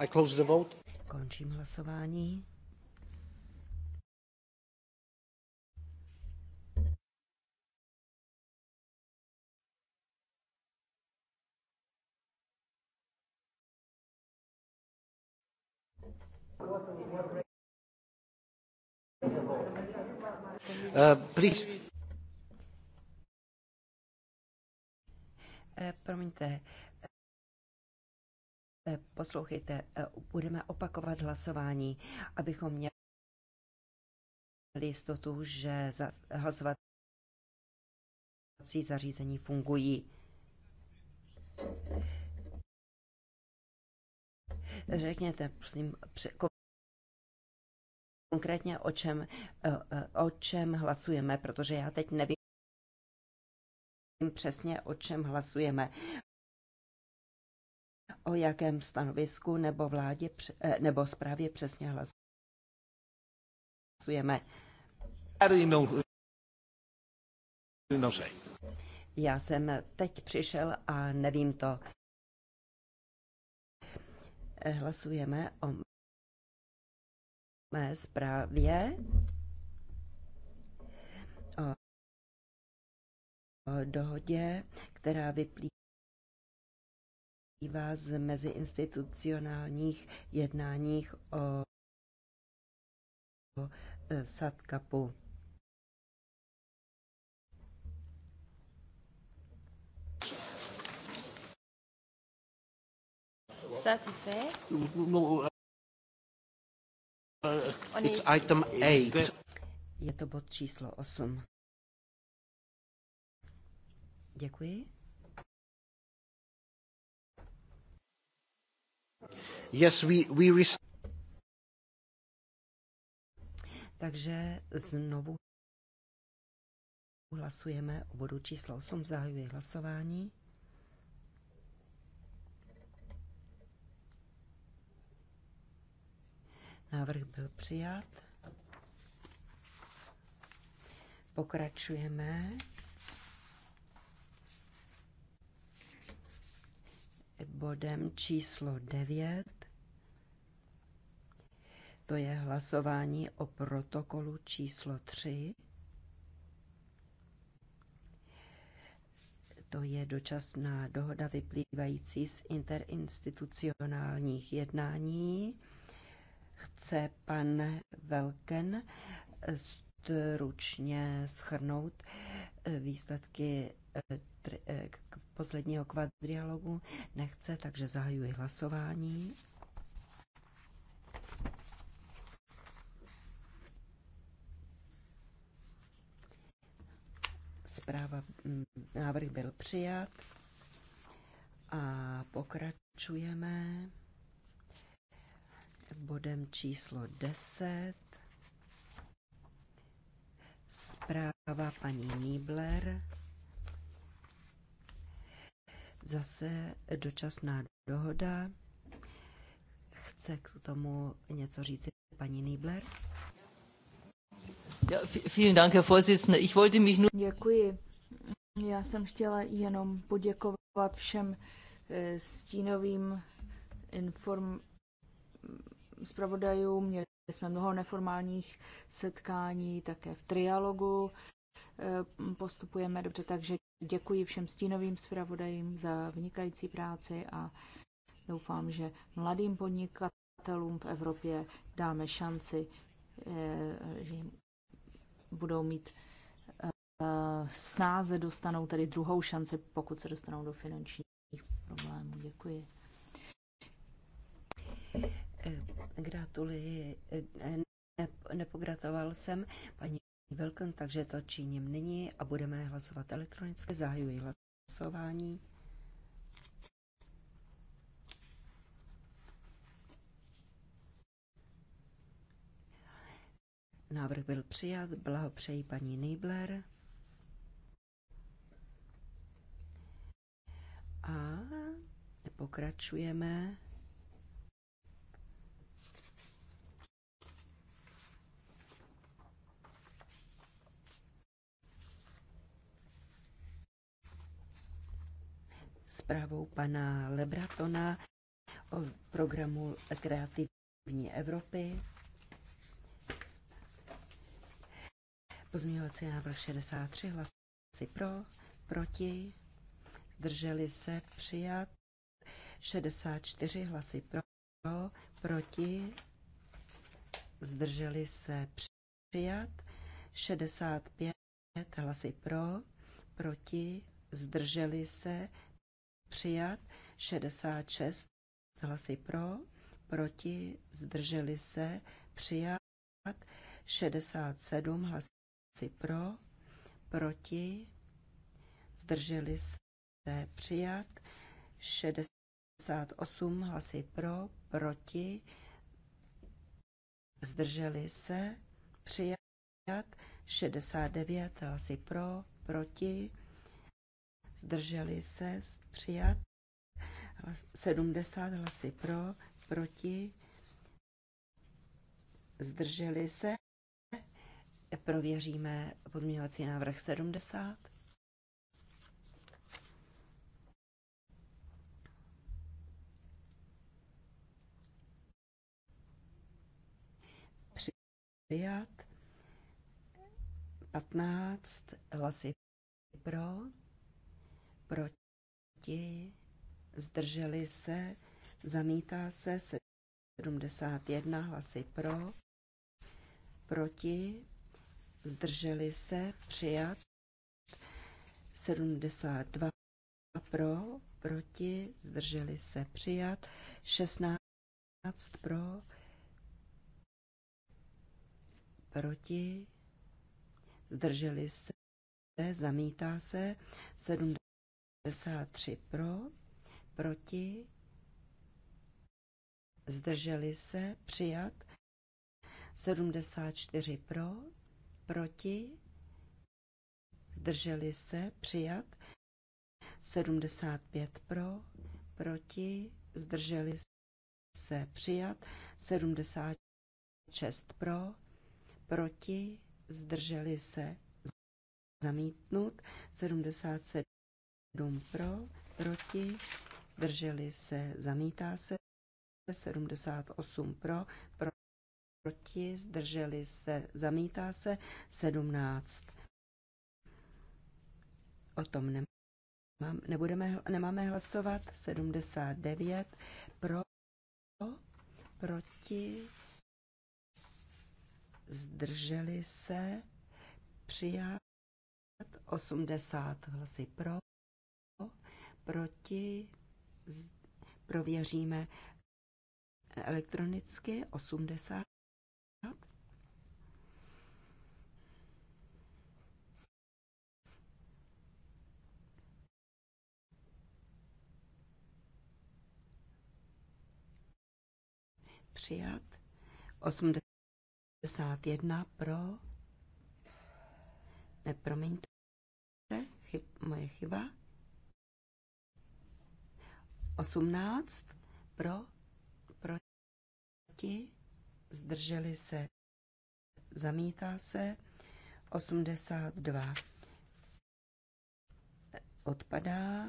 Speaker 3: I close the vote. Končím hlasování. Uh, please. Uh, promiňte, Eh, poslouchejte, eh, budeme opakovat hlasování, abychom měli jistotu, že hlasovací zařízení fungují. Řekněte, prosím, konkrétně o čem, eh, o čem hlasujeme, protože já teď nevím přesně, o čem hlasujeme o jakém stanovisku nebo, vládě, eh, nebo zprávě přesně hlasujeme. Já jsem teď přišel a nevím to. Eh, hlasujeme o mé zprávě. O dohodě, která vyplývá vyplývá z meziinstitucionálních jednáních o e, SATKAPu.
Speaker 1: Ça, c'est fait. No, no uh, it's item 8.
Speaker 3: Je to bod číslo 8. Děkuji.
Speaker 1: Yes, we, we...
Speaker 3: Takže znovu hlasujeme o bodu číslo 8. Zahajuji hlasování. Návrh byl přijat. Pokračujeme bodem číslo 9. To je hlasování o protokolu číslo 3. To je dočasná dohoda vyplývající z interinstitucionálních jednání. Chce pan Velken stručně schrnout eh, výsledky Eh, eh, posledního kvadrialogu nechce, takže zahajuji hlasování. Zpráva, mm, návrh byl přijat a pokračujeme bodem číslo 10. Zpráva paní Niebler Zase dočasná dohoda. Chce k tomu něco říci paní Niebler? Ja, vielen Dank, Herr Ich wollte mich nur...
Speaker 2: Děkuji. Já jsem chtěla jenom poděkovat všem eh, stínovým inform... zpravodajům. Měli jsme mnoho neformálních setkání také v trialogu Eh, postupujeme dobře. Takže děkuji všem stínovým zpravodajím za vynikající práci a doufám, že mladým podnikatelům v Evropě dáme šanci, eh, že budou mít eh, snáze dostanou tedy druhou šanci, pokud se dostanou do finančních
Speaker 3: problémů. Děkuji. Gratuluji. Nepogratoval jsem paní Velkon, takže to činím nyní a budeme hlasovat elektronicky. Zahajuji hlasování. Návrh byl přijat. Blahopřeji paní Nibler. A pokračujeme. zprávou pana Lebratona o programu Kreativní Evropy. Pozměňovací návrh 63, hlasy pro, proti, drželi se přijat, 64 hlasy pro, proti, zdrželi se přijat, 65 hlasy pro, proti, zdrželi se přijat, 66 hlasy pro, proti, zdrželi se, přijat, 67 hlasy pro, proti, zdrželi se, přijat, 68 hlasy pro, proti, zdrželi se, přijat, 69 hlasy pro, proti, zdrželi se, přijat. 70 hlasy pro, proti, zdrželi se. Prověříme pozměňovací návrh 70. Přijat 15 hlasy pro, proti, zdrželi se, zamítá se 71 hlasy pro, proti, zdrželi se, přijat 72 pro, proti, zdrželi se, přijat 16 pro, proti, zdrželi se, zamítá se 70 53 pro, proti, zdrželi se, přijat. 74 pro, proti, zdrželi se, přijat. 75 pro, proti, zdrželi se, přijat. 76 pro, proti, zdrželi se, zamítnut. 77 7 pro, proti, drželi se, zamítá se, 78 pro, pro proti, zdrželi se, zamítá se, 17. O tom nemám, nebudeme, nemáme hlasovat, 79 pro, proti, zdrželi se, přijat, 80 hlasy pro, proti, prověříme elektronicky 80. Přijat 81 pro. Nepromiňte, chyb, moje chyba. 18 pro, proti, zdrželi se, zamítá se, 82 odpadá,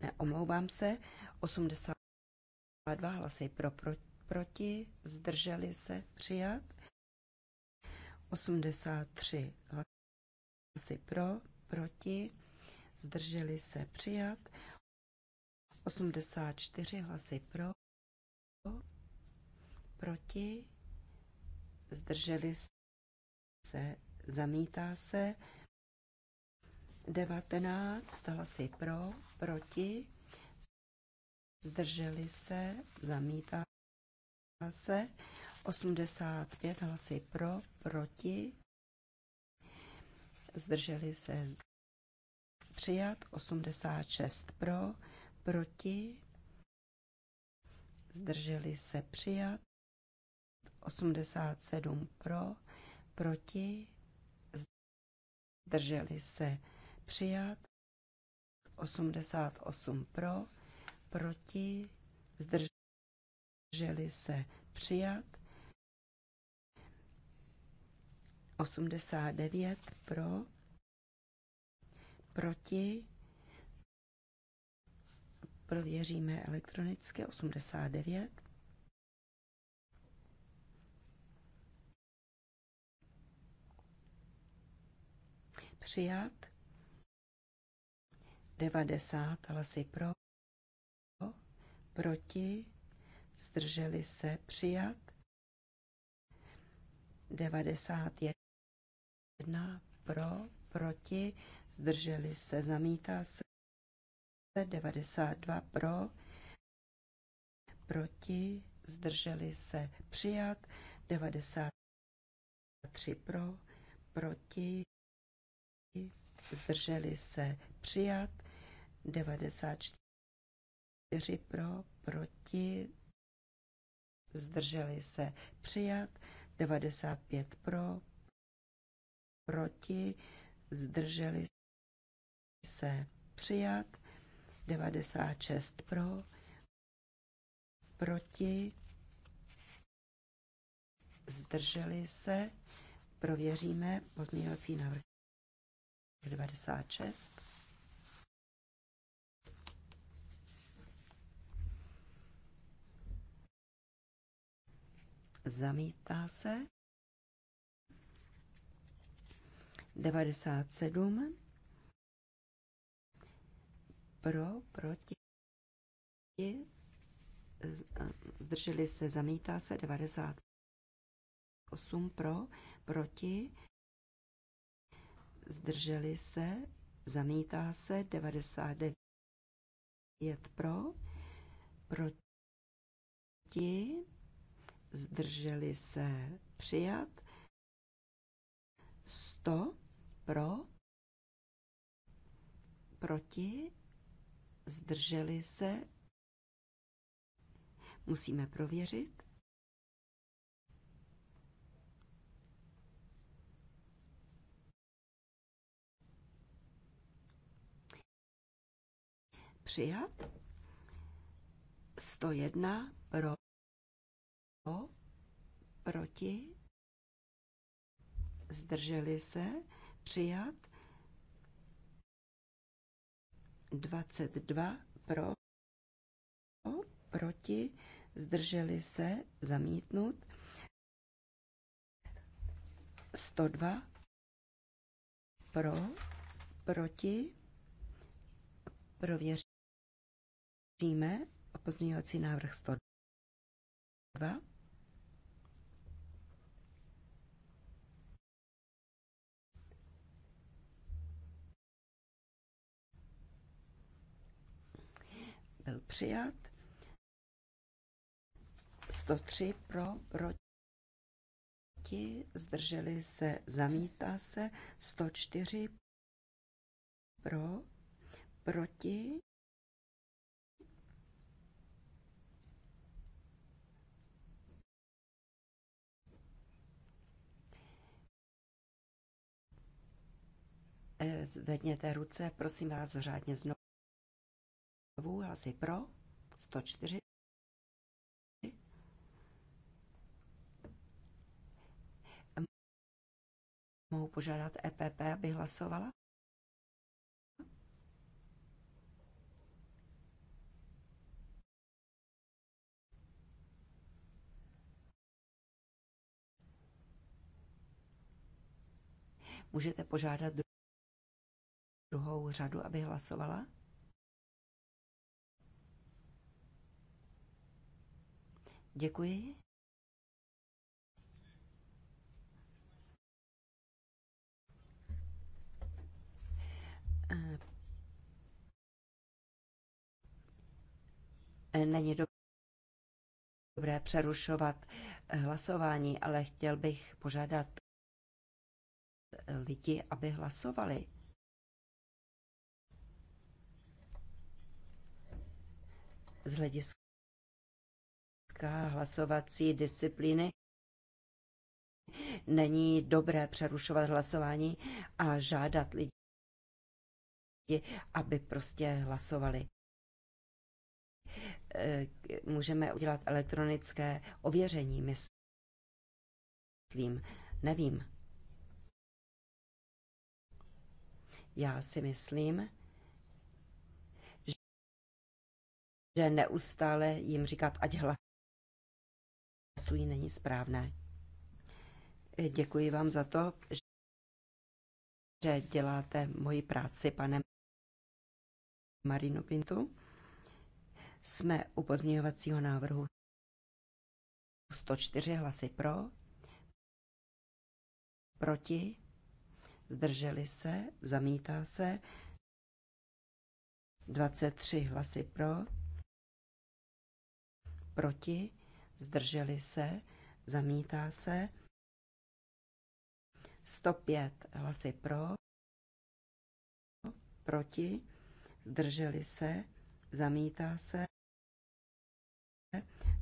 Speaker 3: ne, omlouvám se, 82 hlasy pro, pro proti, zdrželi se, přijat, 83 hlasy si pro, proti, zdrželi se přijat, 84 hlasy pro, proti, zdrželi se, zamítá se, 19 hlasy pro, proti, zdrželi se, zamítá se, 85 hlasy pro, proti, zdrželi se přijat, 86 pro, proti, zdrželi se přijat, 87 pro, proti, zdrželi se přijat, 88 pro, proti, zdrželi se přijat, 89 pro, proti, prověříme elektronicky 89. Přijat 90 hlasy pro, proti, zdrželi se přijat 91 pro, proti, zdrželi se, zamítá se 92 pro, proti, zdrželi se, přijat 93 pro, proti, zdrželi se, přijat 94 pro, proti, zdrželi se, přijat 95 pro, proti, zdrželi se přijat, 96 pro, proti, zdrželi se, prověříme pozměňovací návrh 96. zamítá se. 97 pro, proti, zdrželi se, zamítá se, 98 pro, proti, zdrželi se, zamítá se, 99 pro, proti, zdrželi se přijat, 100 pro, proti, zdrželi se, musíme prověřit. Přijat, 101 pro, pro, proti, zdrželi se, přijat. 22 pro, pro proti, zdrželi se, zamítnut. 102 pro, proti, prověříme pozměňovací návrh 102. byl přijat. 103 pro, proti, zdrželi se, zamítá se. 104 pro, proti, eh, Zvedněte ruce, prosím vás řádně znovu vů hlasy pro, 104. Mohu požádat EPP, aby hlasovala? Můžete požádat druhou řadu, aby hlasovala? Děkuji. Eh, není dobré přerušovat eh, hlasování, ale chtěl bych požádat eh, lidi, aby hlasovali. Z hlediska otázka hlasovací disciplíny. Není dobré přerušovat hlasování a žádat lidi, aby prostě hlasovali. Eh, můžeme udělat elektronické ověření, myslím. Nevím. Já si myslím, že neustále jim říkat, ať hlas hlasují, není správné. Děkuji vám za to, že děláte moji práci, pane Marino Pintu. Jsme u pozměňovacího návrhu 104 hlasy pro, proti, zdrželi se, zamítá se, 23 hlasy pro, proti, zdrželi se, zamítá se. 105 hlasy pro, proti, zdrželi se, zamítá se.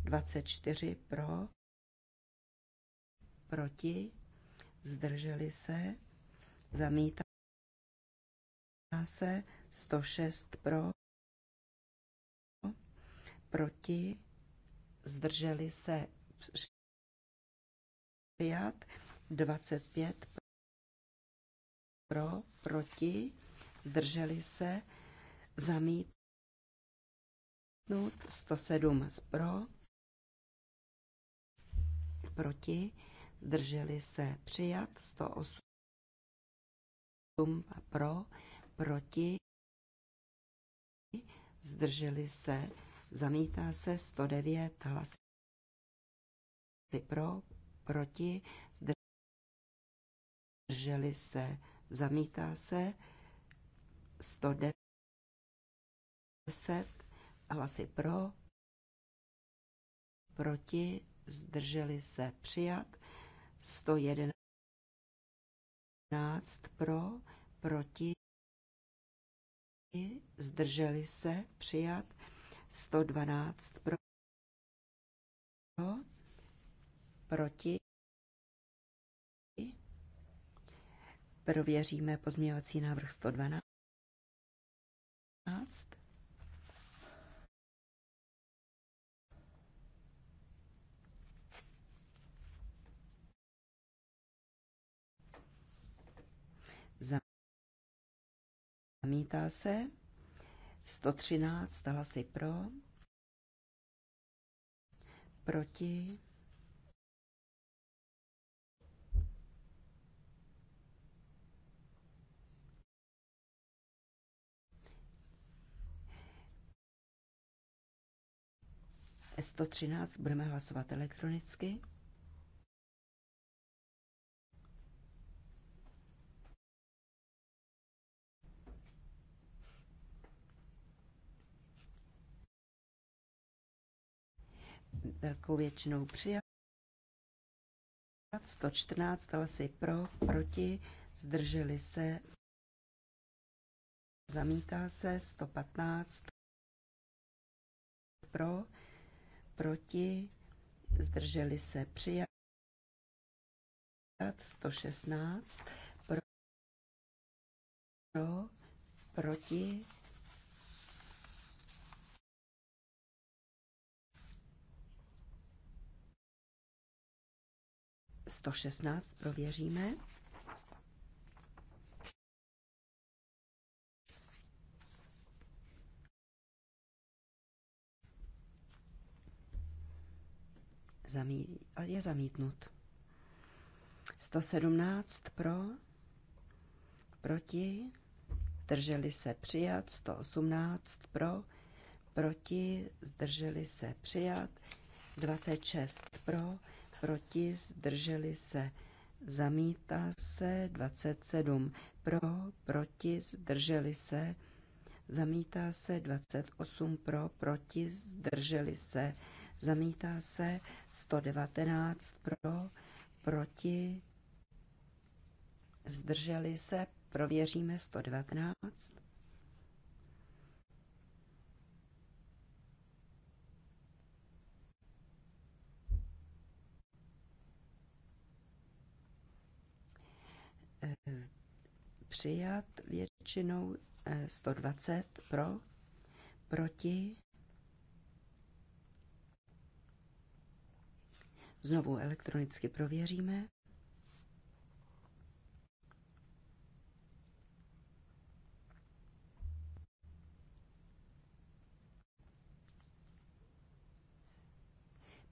Speaker 3: 24 pro, proti, zdrželi se, zamítá se. 106 pro, proti, zdrželi se přijat, 25 pro, proti, zdrželi se, zamítnout, 107 pro, proti, zdrželi se, přijat, 108 pro, proti, zdrželi se, zamítá se 109 hlasy pro, proti, zdrželi se, zamítá se 110 hlasy pro, proti, zdrželi se, přijat 111 pro, proti, zdrželi se, přijat 112 pro, proti. Prověříme pozměňovací návrh 112. Zamítá se. 113 hlasy pro, proti, S113 budeme hlasovat elektronicky. velkou jako většinou přijat. 114 hlasy pro, proti, zdrželi se, zamítá se 115 pro, proti, zdrželi se přijat 116 pro,
Speaker 1: pro proti,
Speaker 3: 116 prověříme. je zamítnut. 117 pro, proti, zdrželi se přijat, 118 pro, proti, zdrželi se přijat, 26 pro, proti, zdrželi se, zamítá se 27, pro, proti, zdrželi se, zamítá se 28, pro, proti, zdrželi se, zamítá se 119, pro, proti, zdrželi se, prověříme 119. přijat většinou 120 eh, pro, proti. Znovu elektronicky prověříme.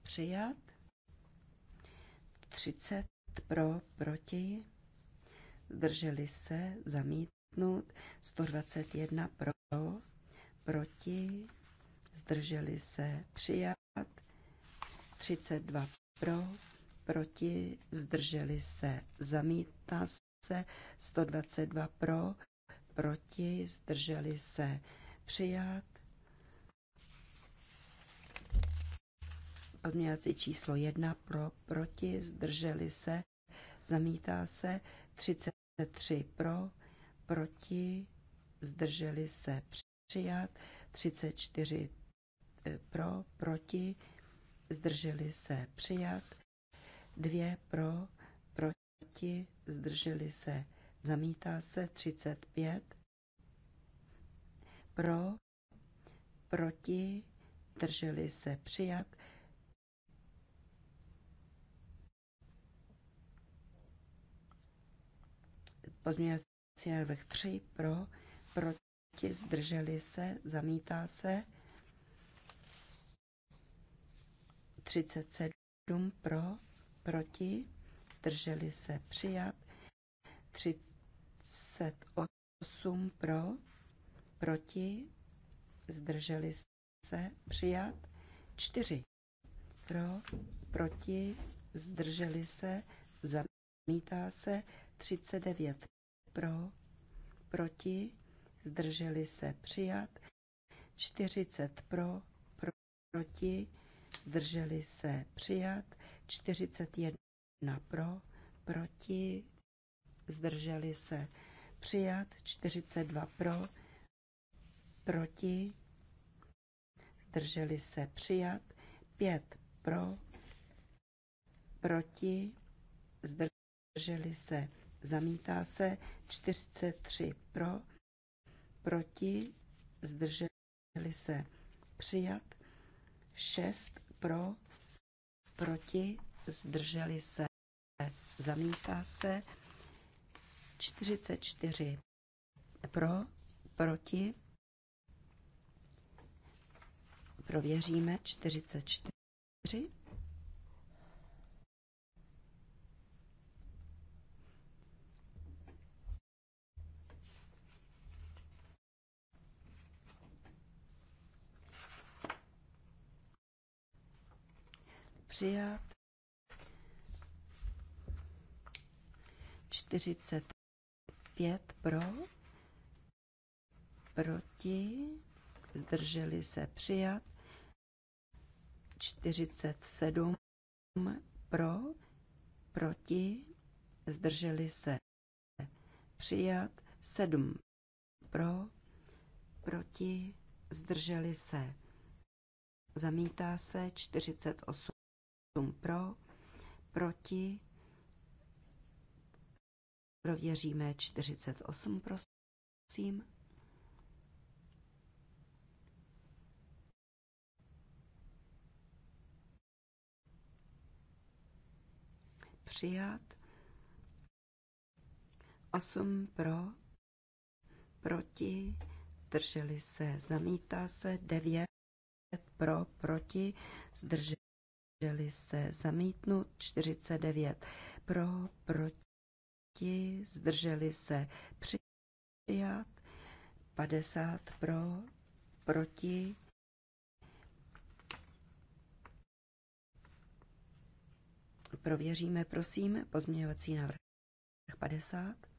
Speaker 3: Přijat 30 pro, proti zdrželi se, zamítnout, 121 pro, proti, zdrželi se, přijat, 32 pro, proti, zdrželi se, zamítá se, 122 pro, proti, zdrželi se, přijat. Odměňací číslo 1 pro, proti, zdrželi se, zamítá se, 30 3 pro, proti, zdrželi se přijat, 34 eh, pro, proti, zdrželi se přijat, 2 pro, proti, zdrželi se, zamítá se 35, pro, proti, zdrželi se přijat, Pozměňovací návrh 3 pro, proti, zdrželi se, zamítá se. 37 pro, proti, zdrželi se, přijat. 38 pro, proti, zdrželi se, přijat. 4 pro, proti, zdrželi se, zamítá se. 39 pro, proti, zdrželi se přijat, 40 pro, pro proti, zdrželi se přijat, 41 pro, proti, zdrželi se přijat, 42 pro, proti, zdrželi se přijat, 5 pro, proti, zdrželi se zamítá se 43 pro, proti, zdrželi se přijat 6 pro, proti, zdrželi se, zamítá se 44 pro, proti, prověříme 44 přijat. 45 pro, proti, zdrželi se přijat. 47 pro, proti, zdrželi se přijat. 7 pro, proti, zdrželi se. Zamítá se 48 8 pro, proti, prověříme 48, prosím. Přijat. 8 pro, proti, drželi se, zamítá se, 9 pro, proti, zdrželi zdrželi se zamítnut 49 pro, proti, zdrželi se přijat 50 pro, proti, Prověříme, prosím, pozměňovací návrh 50.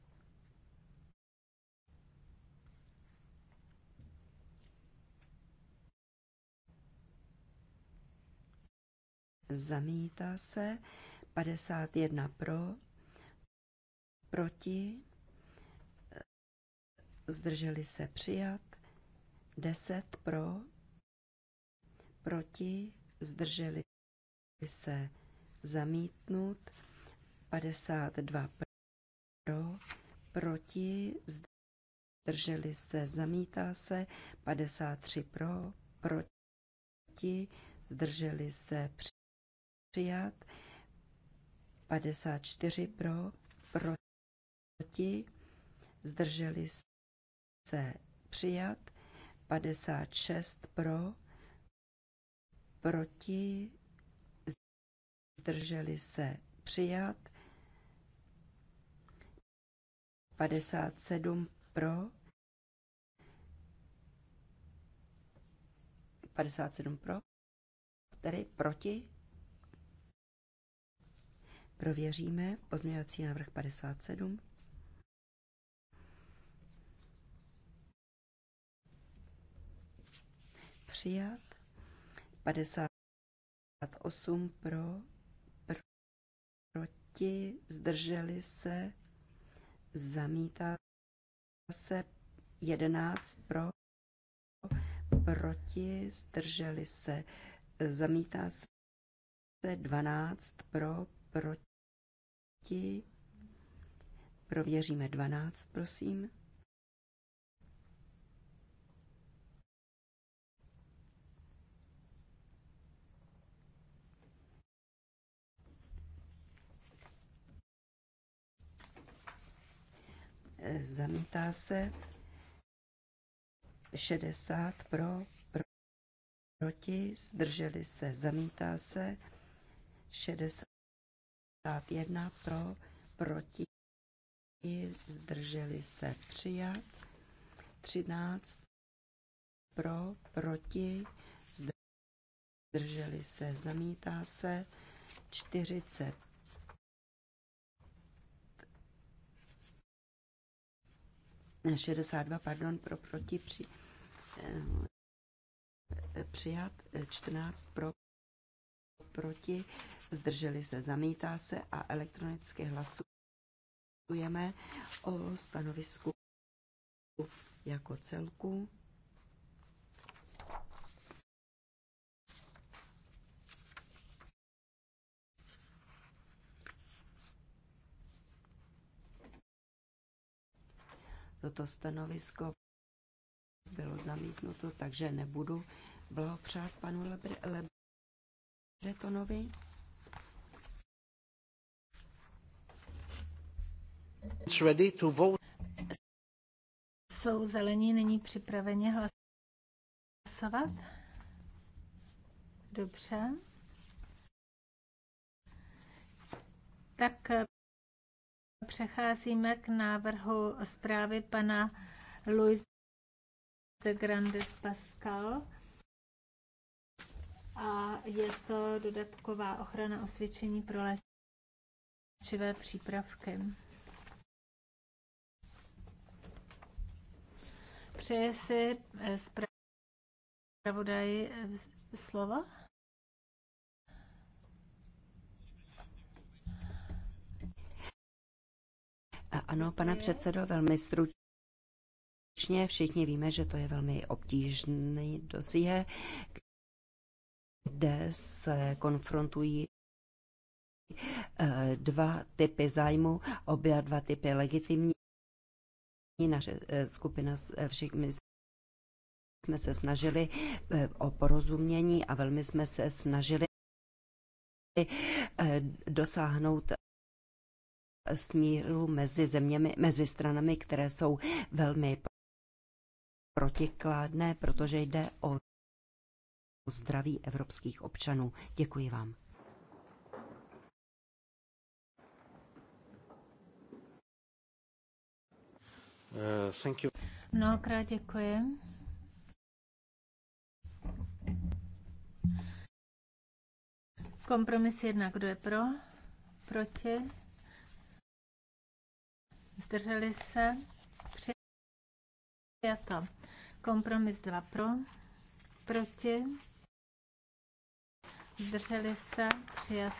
Speaker 3: zamítá se, 51 pro, proti, zdrželi se přijat, 10 pro, proti, zdrželi se zamítnut, 52 pro, proti, zdrželi se, zamítá se, 53 pro, proti, zdrželi se, přijat, 54 pro, proti, zdrželi se přijat, 56 pro, proti, zdrželi se přijat, 57 pro, 57 pro, tedy proti, Prověříme pozměňovací návrh 57. Přijat. 58 pro, proti, zdrželi se, zamítá se 11 pro, proti, zdrželi se, zamítá se 12 pro, proti, proti. Prověříme 12, prosím. Zamítá se 60 pro, proti, zdrželi se, zamítá se 60 51 pro, proti, zdrželi se přijat, 13 pro, proti, zdrželi se, zamítá se, 40 62, pardon, pro proti při, eh, přijat, 14 pro proti, zdrželi se, zamítá se a elektronicky hlasujeme o stanovisku jako celku. Toto stanovisko bylo zamítnuto, takže nebudu blahopřát panu Lebr- Bretonovi.
Speaker 1: ready to vote.
Speaker 2: Jsou zelení není připraveni hlasovat? Dobře. Tak eh, přecházíme k návrhu zprávy pana Luis de Grandes Pascal a je to dodatková ochrana osvědčení pro léčivé přípravky. Přeje si eh, zpravodaj eh, slova?
Speaker 3: Ano, pane předsedo, velmi stručně. Všichni víme, že to je velmi obtížný dosíhe, kde se konfrontují eh, dva typy zájmu, obě dva typy legitimní. Naše eh, skupina eh, všichni jsme se snažili o porozumění a velmi jsme se snažili dosáhnout smíru mezi zeměmi, mezi stranami, které jsou velmi protikládné, protože jde o zdraví evropských občanů. Děkuji vám.
Speaker 1: Eh, thank you.
Speaker 2: Mnohokrát děkuji. Kompromis jedna, kdo je pro, proti, zdrželi se, přijato. Kompromis dva pro, proti, zdrželi se, přijato.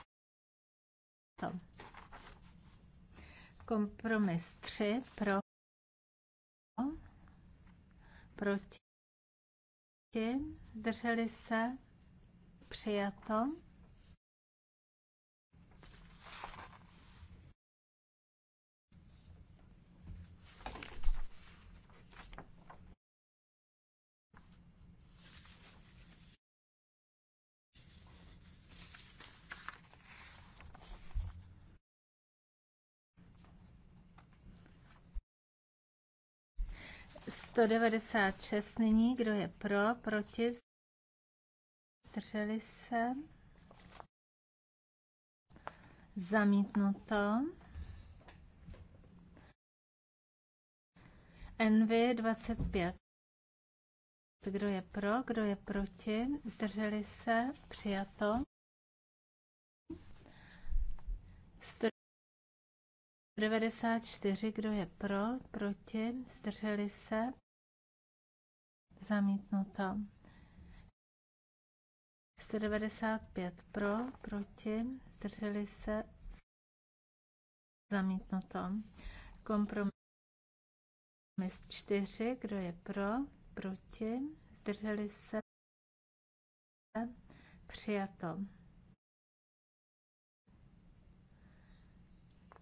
Speaker 2: Kompromis 3 pro, proti, zdrželi se, přijatom. 196 nyní, kdo je pro, proti, zdrželi se, zamítnuto. NV 25. Kdo je pro, kdo je proti, zdrželi se, přijato. 94, kdo je pro, proti, zdrželi se, zamítnuto. 195 pro, proti, zdrželi se, zamítnuto. Kompromis 4, kdo je pro, proti, zdrželi se, přijato.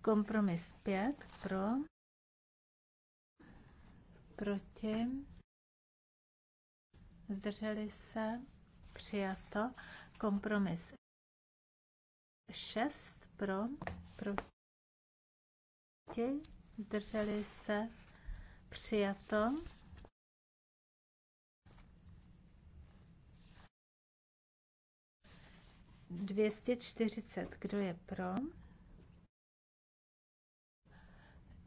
Speaker 2: Kompromis 5 pro, proti, zdrželi se, přijato. Kompromis 6 pro, proti, zdrželi se, přijato. Dvěstě čtyřicet, kdo je pro?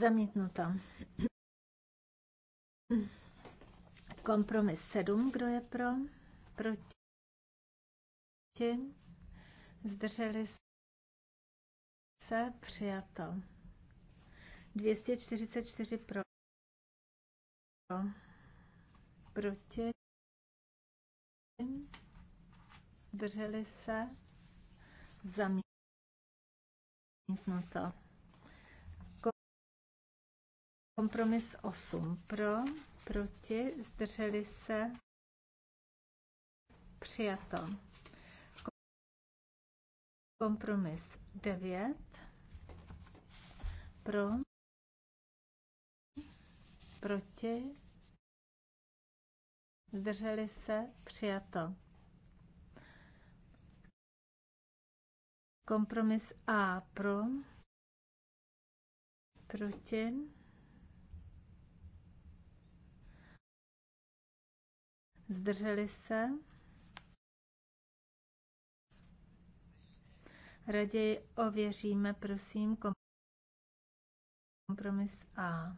Speaker 2: Zamítnuto. Kompromis 7, kdo je pro? Proti? Zdrželi se? Přijato. 244 pro. Proti? Zdrželi se? Zamítnuto. Kompromis 8 pro, proti, zdrželi se, přijato. Kompromis 9 pro, proti, zdrželi se, přijato. Kompromis A pro, proti, zdrželi se. Raději ověříme, prosím, kompromis A.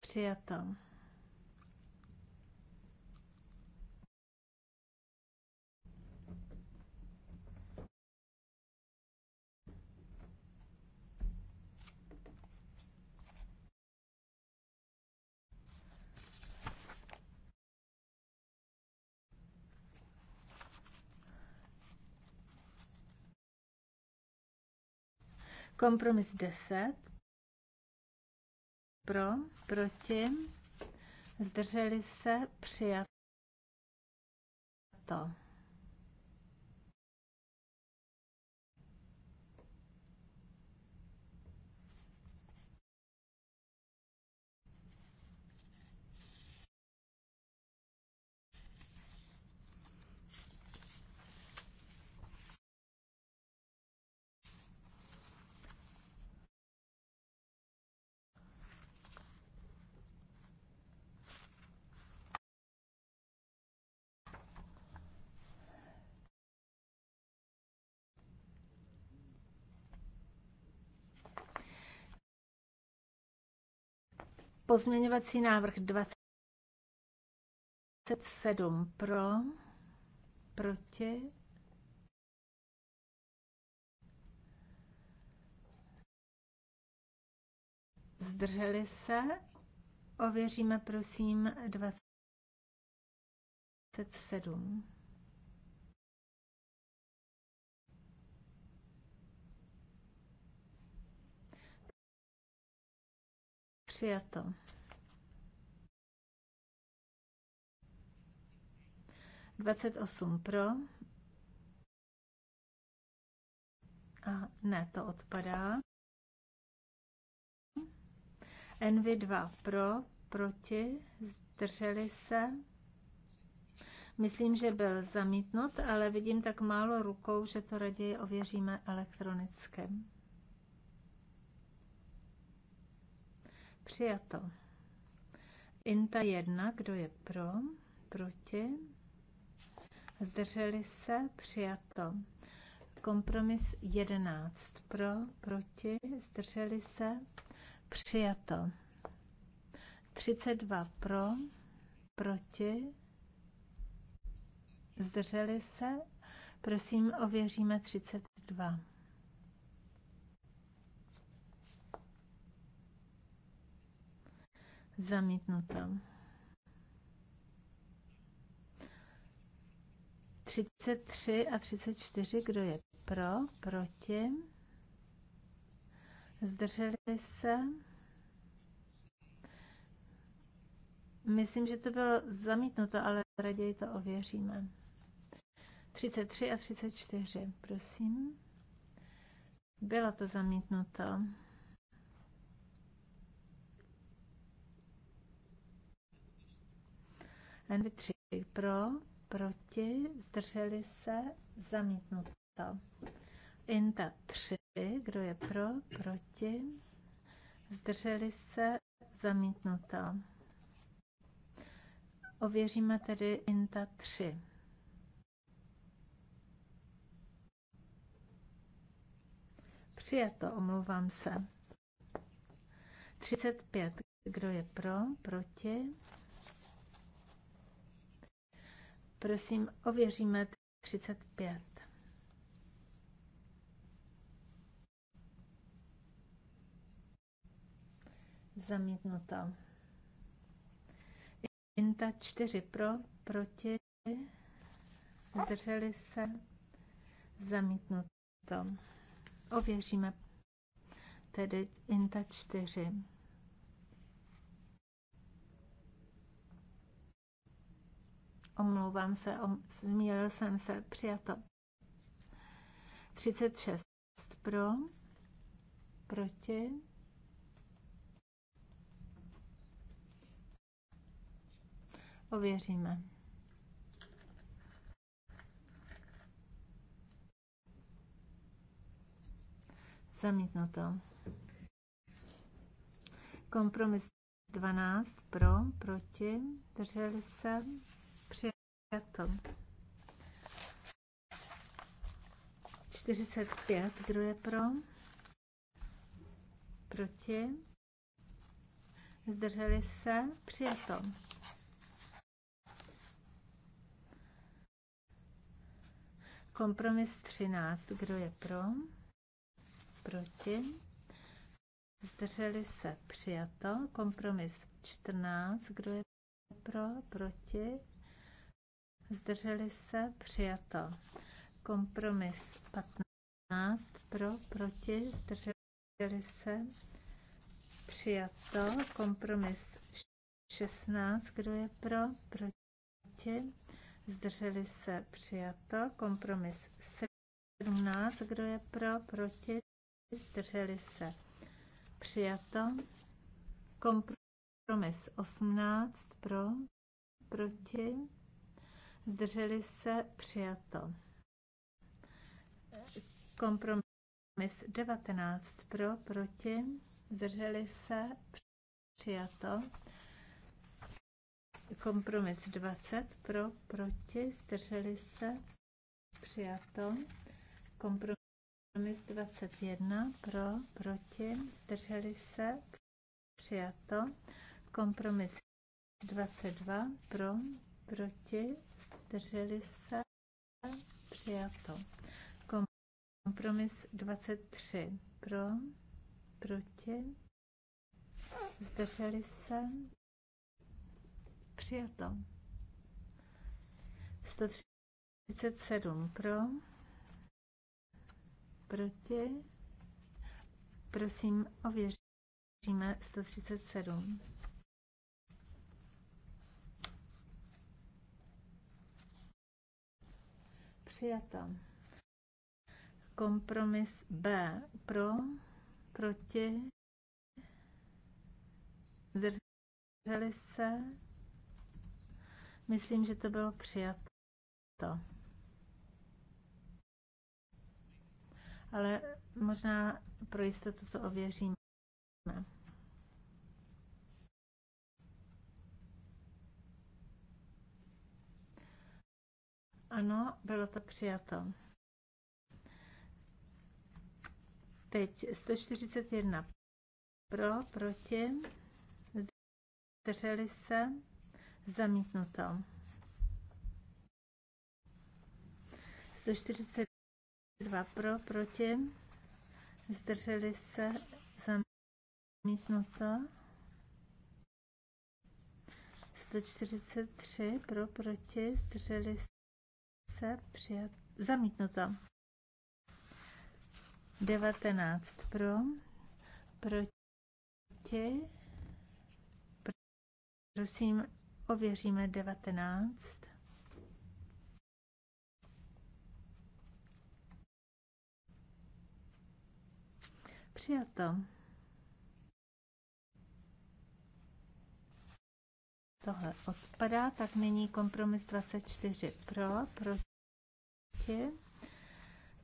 Speaker 2: Přijato. Kompromis 10. Pro, proti, zdrželi se, přijat to. Pozměňovací návrh 27 pro, proti, zdrželi se, ověříme prosím 27. Přijato. Dvacet osm pro. A ne, to odpadá. Envy 2 pro, proti, zdrželi se. Myslím, že byl zamítnut, ale vidím tak málo rukou, že to raději ověříme elektronicky. Přijato. Inta jedna, kdo je pro? Proti? Zdrželi se? Přijato. Kompromis 11. Pro, proti, zdrželi se? Přijato. 32 pro, proti, zdrželi se? Prosím, ověříme 32. Zamítnuto. 33 a 34, kdo je pro, proti? Zdrželi se? Myslím, že to bylo zamítnuto, ale raději to ověříme. 33 a 34, prosím. Bylo to zamítnuto. Envy 3 pro, proti, zdrželi se, zamítnuto. Inta 3, kdo je pro, proti, zdrželi se, zamítnuto. Ověříme tedy INTA 3. Přijato, omlouvám se. 35. Kdo je pro, proti? Prosím, ověříme 35. Zamítnuto. Inta 4 pro, proti, zdrželi se, zamítnuto. Ověříme tedy Inta 4. Omlouvám se, om, zmílil jsem se, přijato. 36 pro, proti. Ověříme. Zamítnuto. Kompromis 12 pro, proti, drželi se, přijato. 45, kdo je pro? Proti? Zdrželi se? Přijato. Kompromis 13, kdo je pro? Proti? Zdrželi se? Přijato. Kompromis 14, kdo je pro? Proti? zdrželi se, přijato. Kompromis 15 pro, proti, zdrželi se, přijato. Kompromis 16, kdo je pro, proti, zdrželi se, přijato. Kompromis 17, kdo je pro, proti, zdrželi se, přijato. Kompromis 18 pro, proti, zdrželi se, přijato. Kompromis 19 pro, proti, zdrželi se, přijato. Kompromis 20 pro, proti, zdrželi se, přijato. Kompromis 21 pro, proti, zdrželi se, přijato. Kompromis 22 pro, proti, zdrželi se, přijato. Kompromis 23 pro, proti, zdrželi se, přijato. 137 pro, proti, prosím ověříme 137. Přijato. Kompromis B pro, proti, zdrželi se. Myslím, že to bylo přijato. Ale možná pro jistotu to ověříme. Ano, bylo to přijato. Teď 141 pro, proti, zdrželi se, zamítnuto. 142 pro, proti, zdrželi se, zamítnuto. 143 pro, proti, zdrželi se se, přijat, zamítnuto. 19 pro, proti, prosím, ověříme 19. Přijato. tohle odpadá, tak nyní kompromis 24 pro, proti,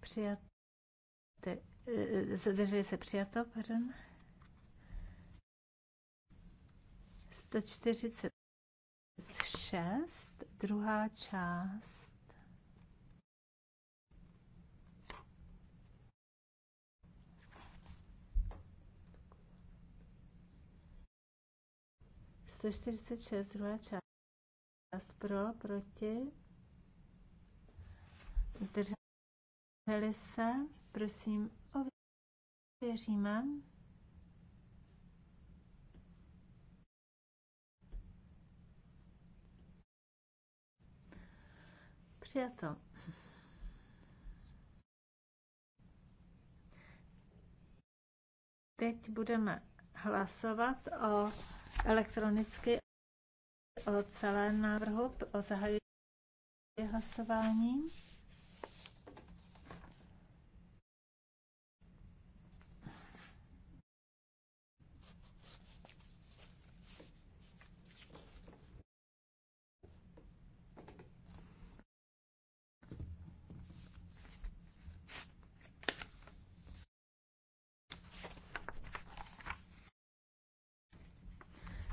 Speaker 2: přijaté eh, zadrželi se přijato, pardon, 146, druhá část, 146, druhá část pro, proti, zdrželi se, prosím, ověříme. Přijato. Teď budeme hlasovat o elektronicky o celém návrhu, o zahajuji hlasování.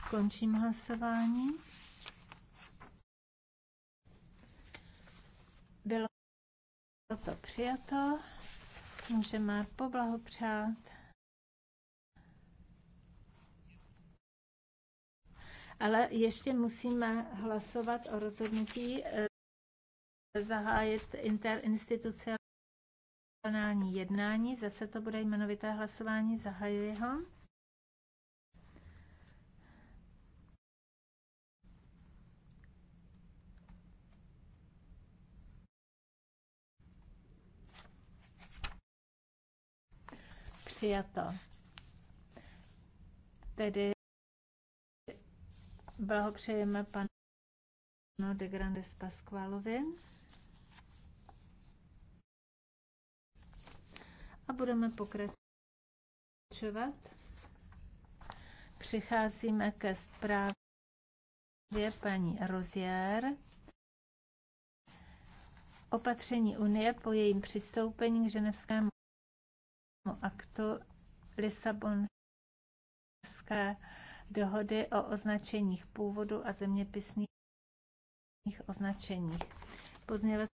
Speaker 2: Končím hlasování. Bylo to přijato. Můžeme poblahopřát. Ale ještě musíme hlasovat o rozhodnutí eh, zahájit interinstitucionální jednání. Zase to bude jmenovité hlasování. Zahajuji ho. přijato. Tedy blahopřejeme panu de Grandes Pasqualovi. A budeme pokračovat. Přicházíme ke zprávě paní Rozier. Opatření Unie po jejím přistoupení k ženevskému aktu Lisabonské dohody o označeních původu a zeměpisných označeních. Pozměňovací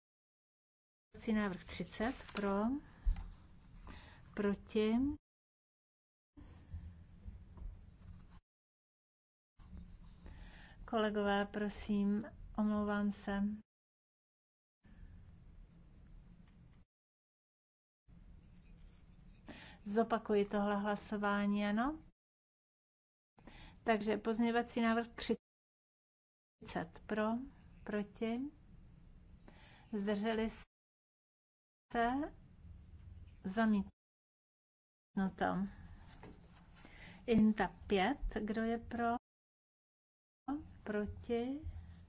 Speaker 2: návrh 30 pro, proti, kolegové, prosím, omlouvám se. Zopakuji tohle hlasování, ano? Takže pozměňovací návrh 30 pro, proti, zdrželi se, zamítnuto. Inta 5, kdo je pro, proti,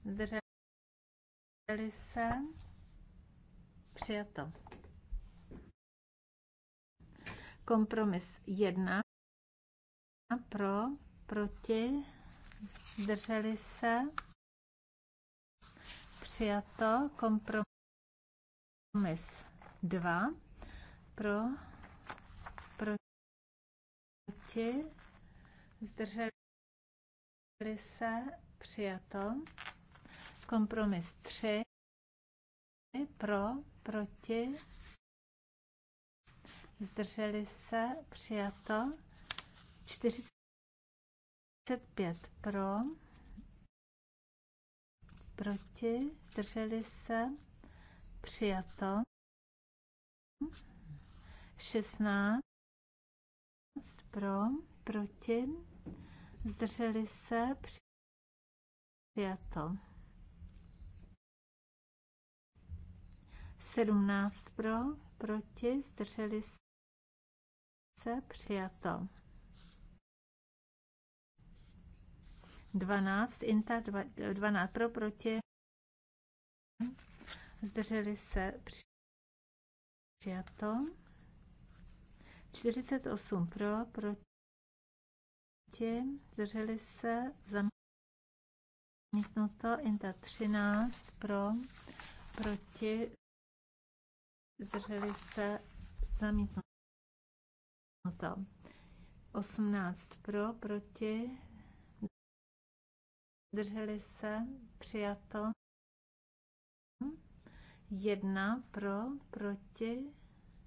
Speaker 2: zdrželi se, přijato. Kompromis 1 pro, proti, zdrželi se, přijato, kompromis 2 pro, proti, zdrželi se, přijato, kompromis 3 pro, proti, zdrželi se, přijato. 45 pro, proti, zdrželi se, přijato. 16 pro, proti, zdrželi se, přijato. 17 pro, proti, zdrželi se, se přijato. 12, Inta 12 pro, proti, zdrželi se přijato. 48 pro, proti, zdrželi se zamítnuto. Inta 13 pro, proti, zdrželi se zamítnuto. No to. 18 pro, proti, drželi se, přijato. Jedna pro, proti,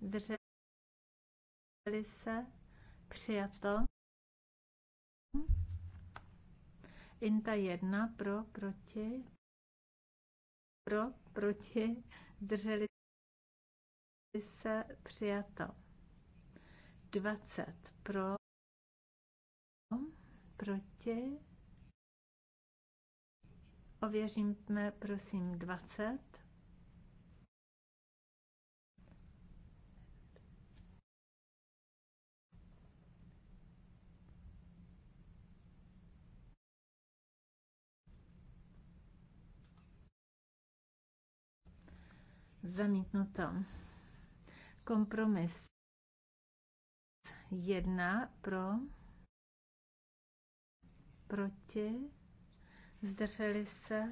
Speaker 2: zdrželi se, přijato. Inta jedna pro, proti, pro, proti, zdrželi se, přijato. 20 pro, proti. Ověříme, prosím, 20. Zamítnuto. Kompromis Jedna pro, proti, zdrželi se.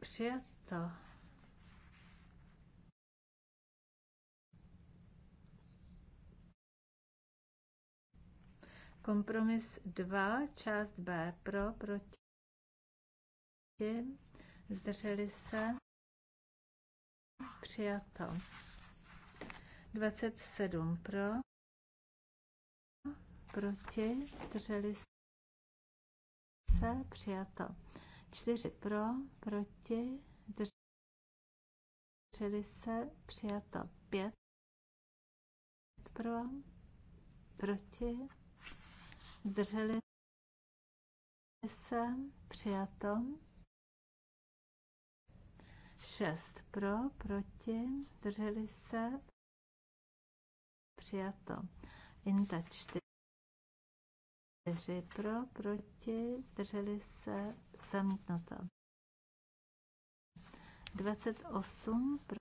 Speaker 2: Přijato. Kompromis 2, část B pro, proti, zdrželi se. Přijato. 27 pro. Proti. Drželi se. Přijato. 4 pro. Proti. Drželi se. Přijato. 5 pro. Proti. Drželi se. Přijato. 6 pro, proti, drželi se, přijato. Inta 4 pro, proti, drželi se, zamítnuto. 28 pro,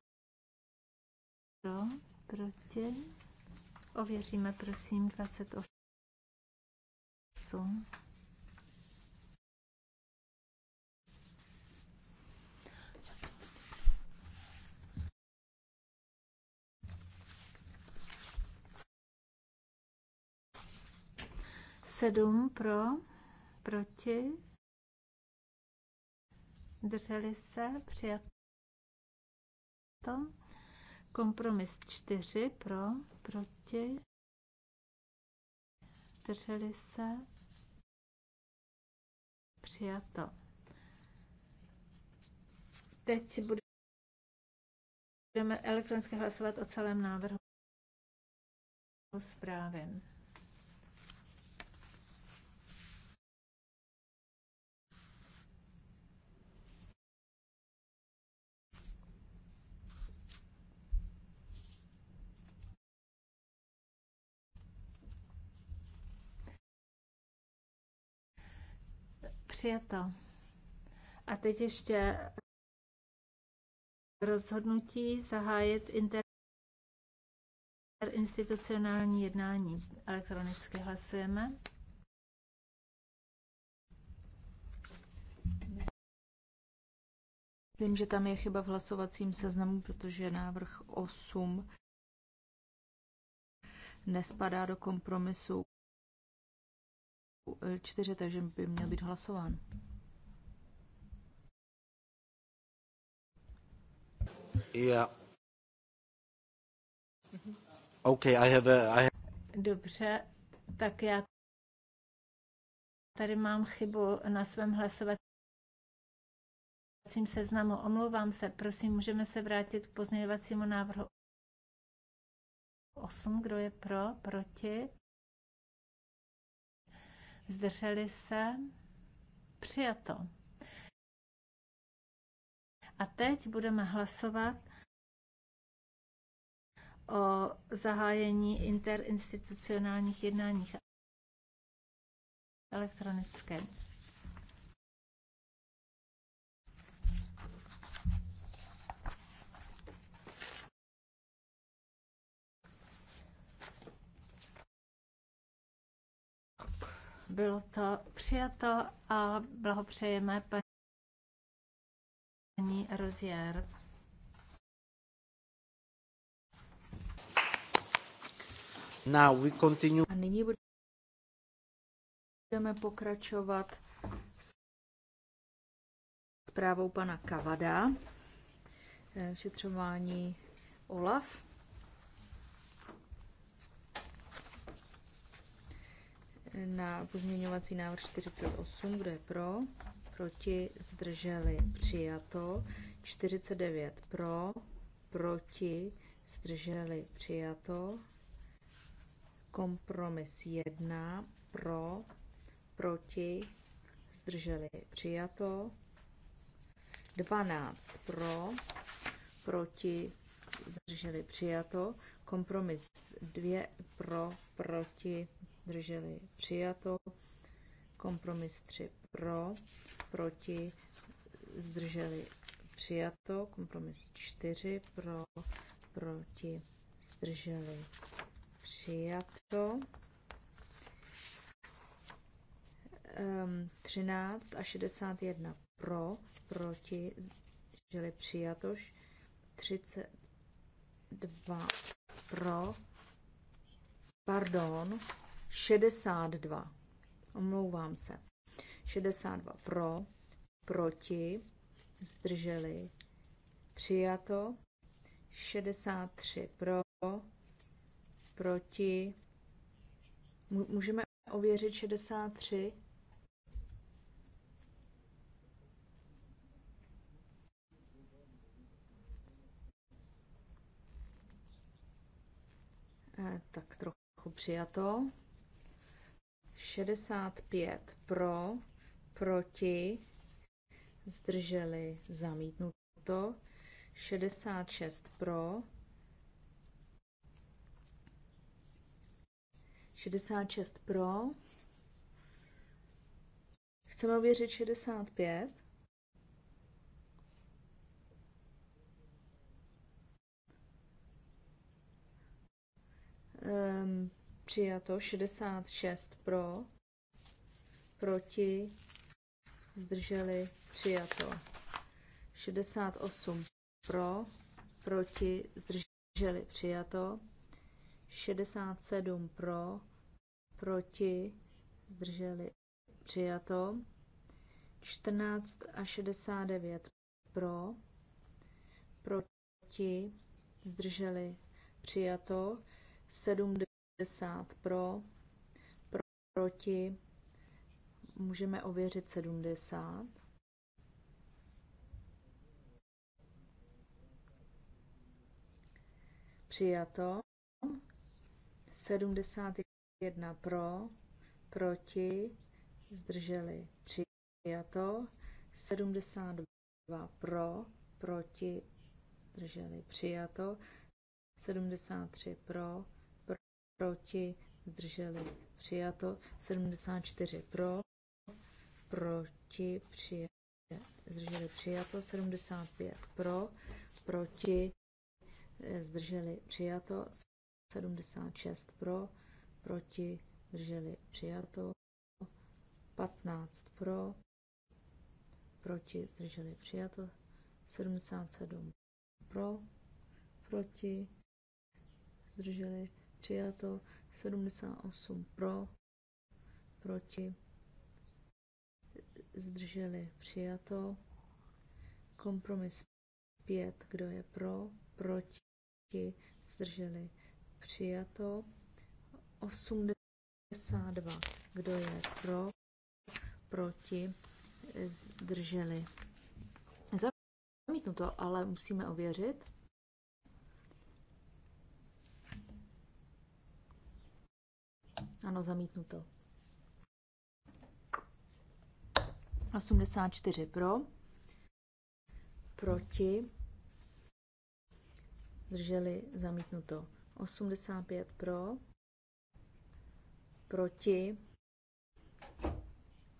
Speaker 2: pro, proti, ověříme prosím 28. Sedm pro, proti, drželi se, přijato. Kompromis čtyři pro, proti, drželi se, přijato. Teď budeme elektronicky hlasovat o celém návrhu zprávy. Přijato. A teď ještě rozhodnutí zahájit interinstitucionální jednání. Elektronicky hlasujeme. Myslím, že tam je chyba v hlasovacím seznamu, protože návrh 8 nespadá do kompromisu 4, takže by měl být hlasován.
Speaker 1: Yeah. Okay, I have a, I have...
Speaker 2: Dobře, tak já tady mám chybu na svém hlasovacím seznamu. Omlouvám se, prosím, můžeme se vrátit k pozměňovacímu návrhu 8. Kdo je pro, proti? zdrželi se, přijato. A teď budeme hlasovat o zahájení interinstitucionálních jednáních elektronické. Bylo to přijato a blahopřejeme paní Rozier.
Speaker 1: Now we continue. A nyní
Speaker 2: budeme pokračovat s zprávou pana Kavada, eh, vyšetřování OLAF. na pozměňovací návrh 48, kdo je pro, proti, zdrželi, přijato. 49 pro, proti, zdrželi, přijato. Kompromis 1 pro, proti, zdrželi, přijato. 12 pro, proti, zdrželi, přijato. Kompromis 2 pro, proti, zdrželi přijato. Kompromis 3 pro, proti, zdrželi přijato. Kompromis 4 pro, proti, zdrželi přijato. 13 ehm, a 61 pro, proti, zdrželi přijato. 32 pro, pardon, 62. Omlouvám se. 62 pro, proti, zdrželi, přijato. 63 pro, proti. Můžeme ověřit 63. Eh, tak trochu přijato. 65 pro, proti, zdrželi, zamítnuto. 66 pro, 66 pro. Chceme ověřit 65. Přijato 66 pro, proti, zdrželi, přijato. 68 pro, proti, zdrželi, přijato. 67 pro, proti, zdrželi, přijato. 14 a 69 pro, proti, zdrželi, přijato. 70 60 pro, pro, proti, můžeme ověřit 70. Přijato. 71 pro, proti, zdrželi. Přijato. 72 pro, proti, zdrželi. Přijato. 73 pro, proti, zdrželi přijato, 74 pro, proti, přijato, zdrželi přijato, 75 pro, proti, zdrželi přijato, 76 pro, proti, zdrželi přijato, 15 pro, proti, zdrželi přijato, 77 pro, proti, zdrželi přijato 78 pro, proti, zdrželi přijato, kompromis 5, kdo je pro, proti, zdrželi přijato, 82, kdo je pro, proti, zdrželi. Zamítnuto, ale musíme ověřit. Ano, zamítnuto. 84 pro. Proti. Drželi zamítnuto. 85 pro. Proti.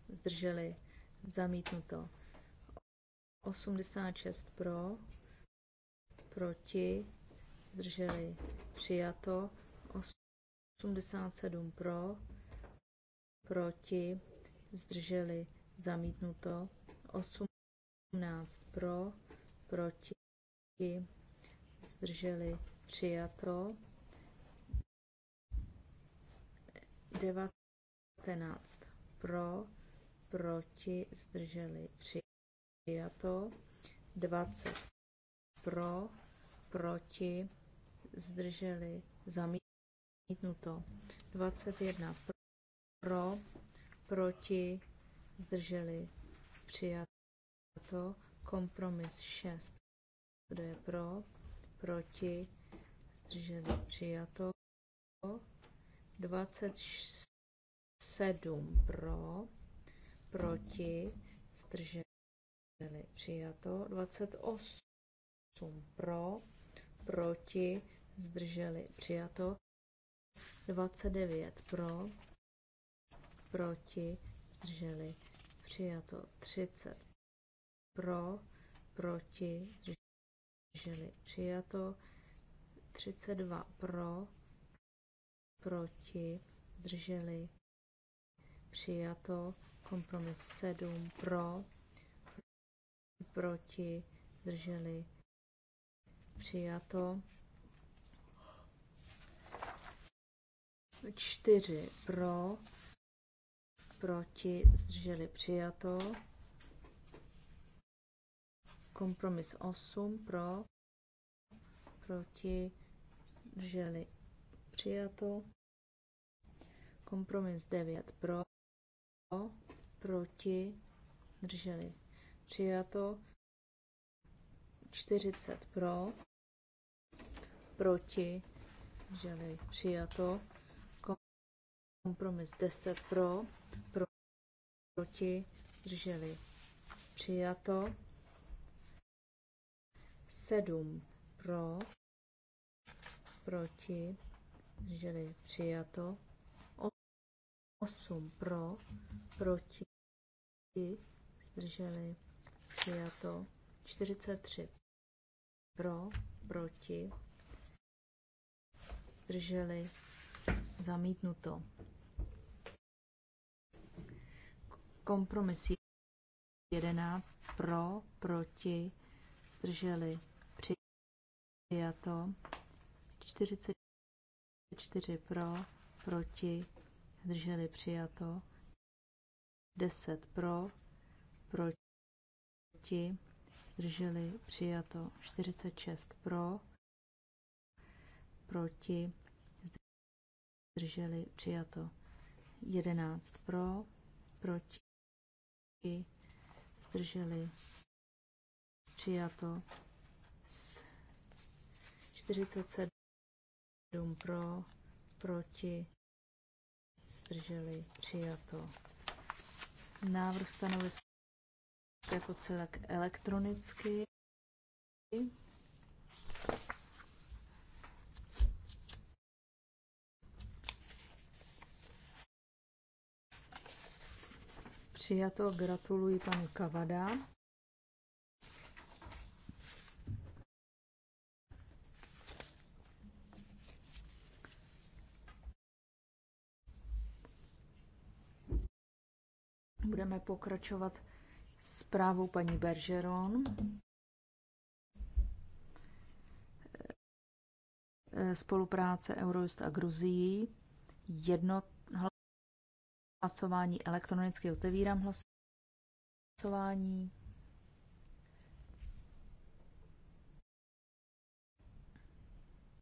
Speaker 2: Zdrželi zamítnuto. 86 pro. Proti. Zdrželi přijato. 87 pro, proti, zdrželi, zamítnuto, 18 pro, proti, zdrželi, přijato, 19 pro, proti, zdrželi, přijato, 20 pro, proti, zdrželi, zamítnuto zamítnuto. 21 pro, proti, zdrželi, přijato. Kompromis 6. Kdo je pro, proti, zdrželi, přijato. 27 pro, proti, zdrželi, přijato. 28 pro, proti, zdrželi, přijato. 29 pro, proti, zdrželi, přijato 30 pro, proti, zdrželi, přijato 32 pro, proti, zdrželi, přijato kompromis 7 pro, proti, zdrželi, přijato 4 pro, proti, zdrželi přijato. Kompromis 8 pro, proti, zdrželi přijato. Kompromis 9 pro, proti, zdrželi přijato. 40 pro, proti, zdrželi přijato. Kompromis 10 pro, pro proti, drželi. Přijato. 7 pro, proti, drželi. Přijato. 8 pro, proti, drželi přijato. 43 pro, proti, drželi zamítnuto. Kompromis 11 pro, proti, zdrželi, přijato. 44 pro, proti, zdrželi, přijato. 10 pro, proti, zdrželi, přijato. 46 pro, proti, zdrželi, přijato. 11 pro, proti, proti, zdrželi, přijato, 47 pro, proti, zdrželi, přijato. Návrh stanovisko jako celek elektronicky. Přijato, gratuluji panu Kavada. Budeme pokračovat zprávou paní Bergeron. Spolupráce Eurojust a Gruzií, jednot hlasování elektronicky otevírám hlasování.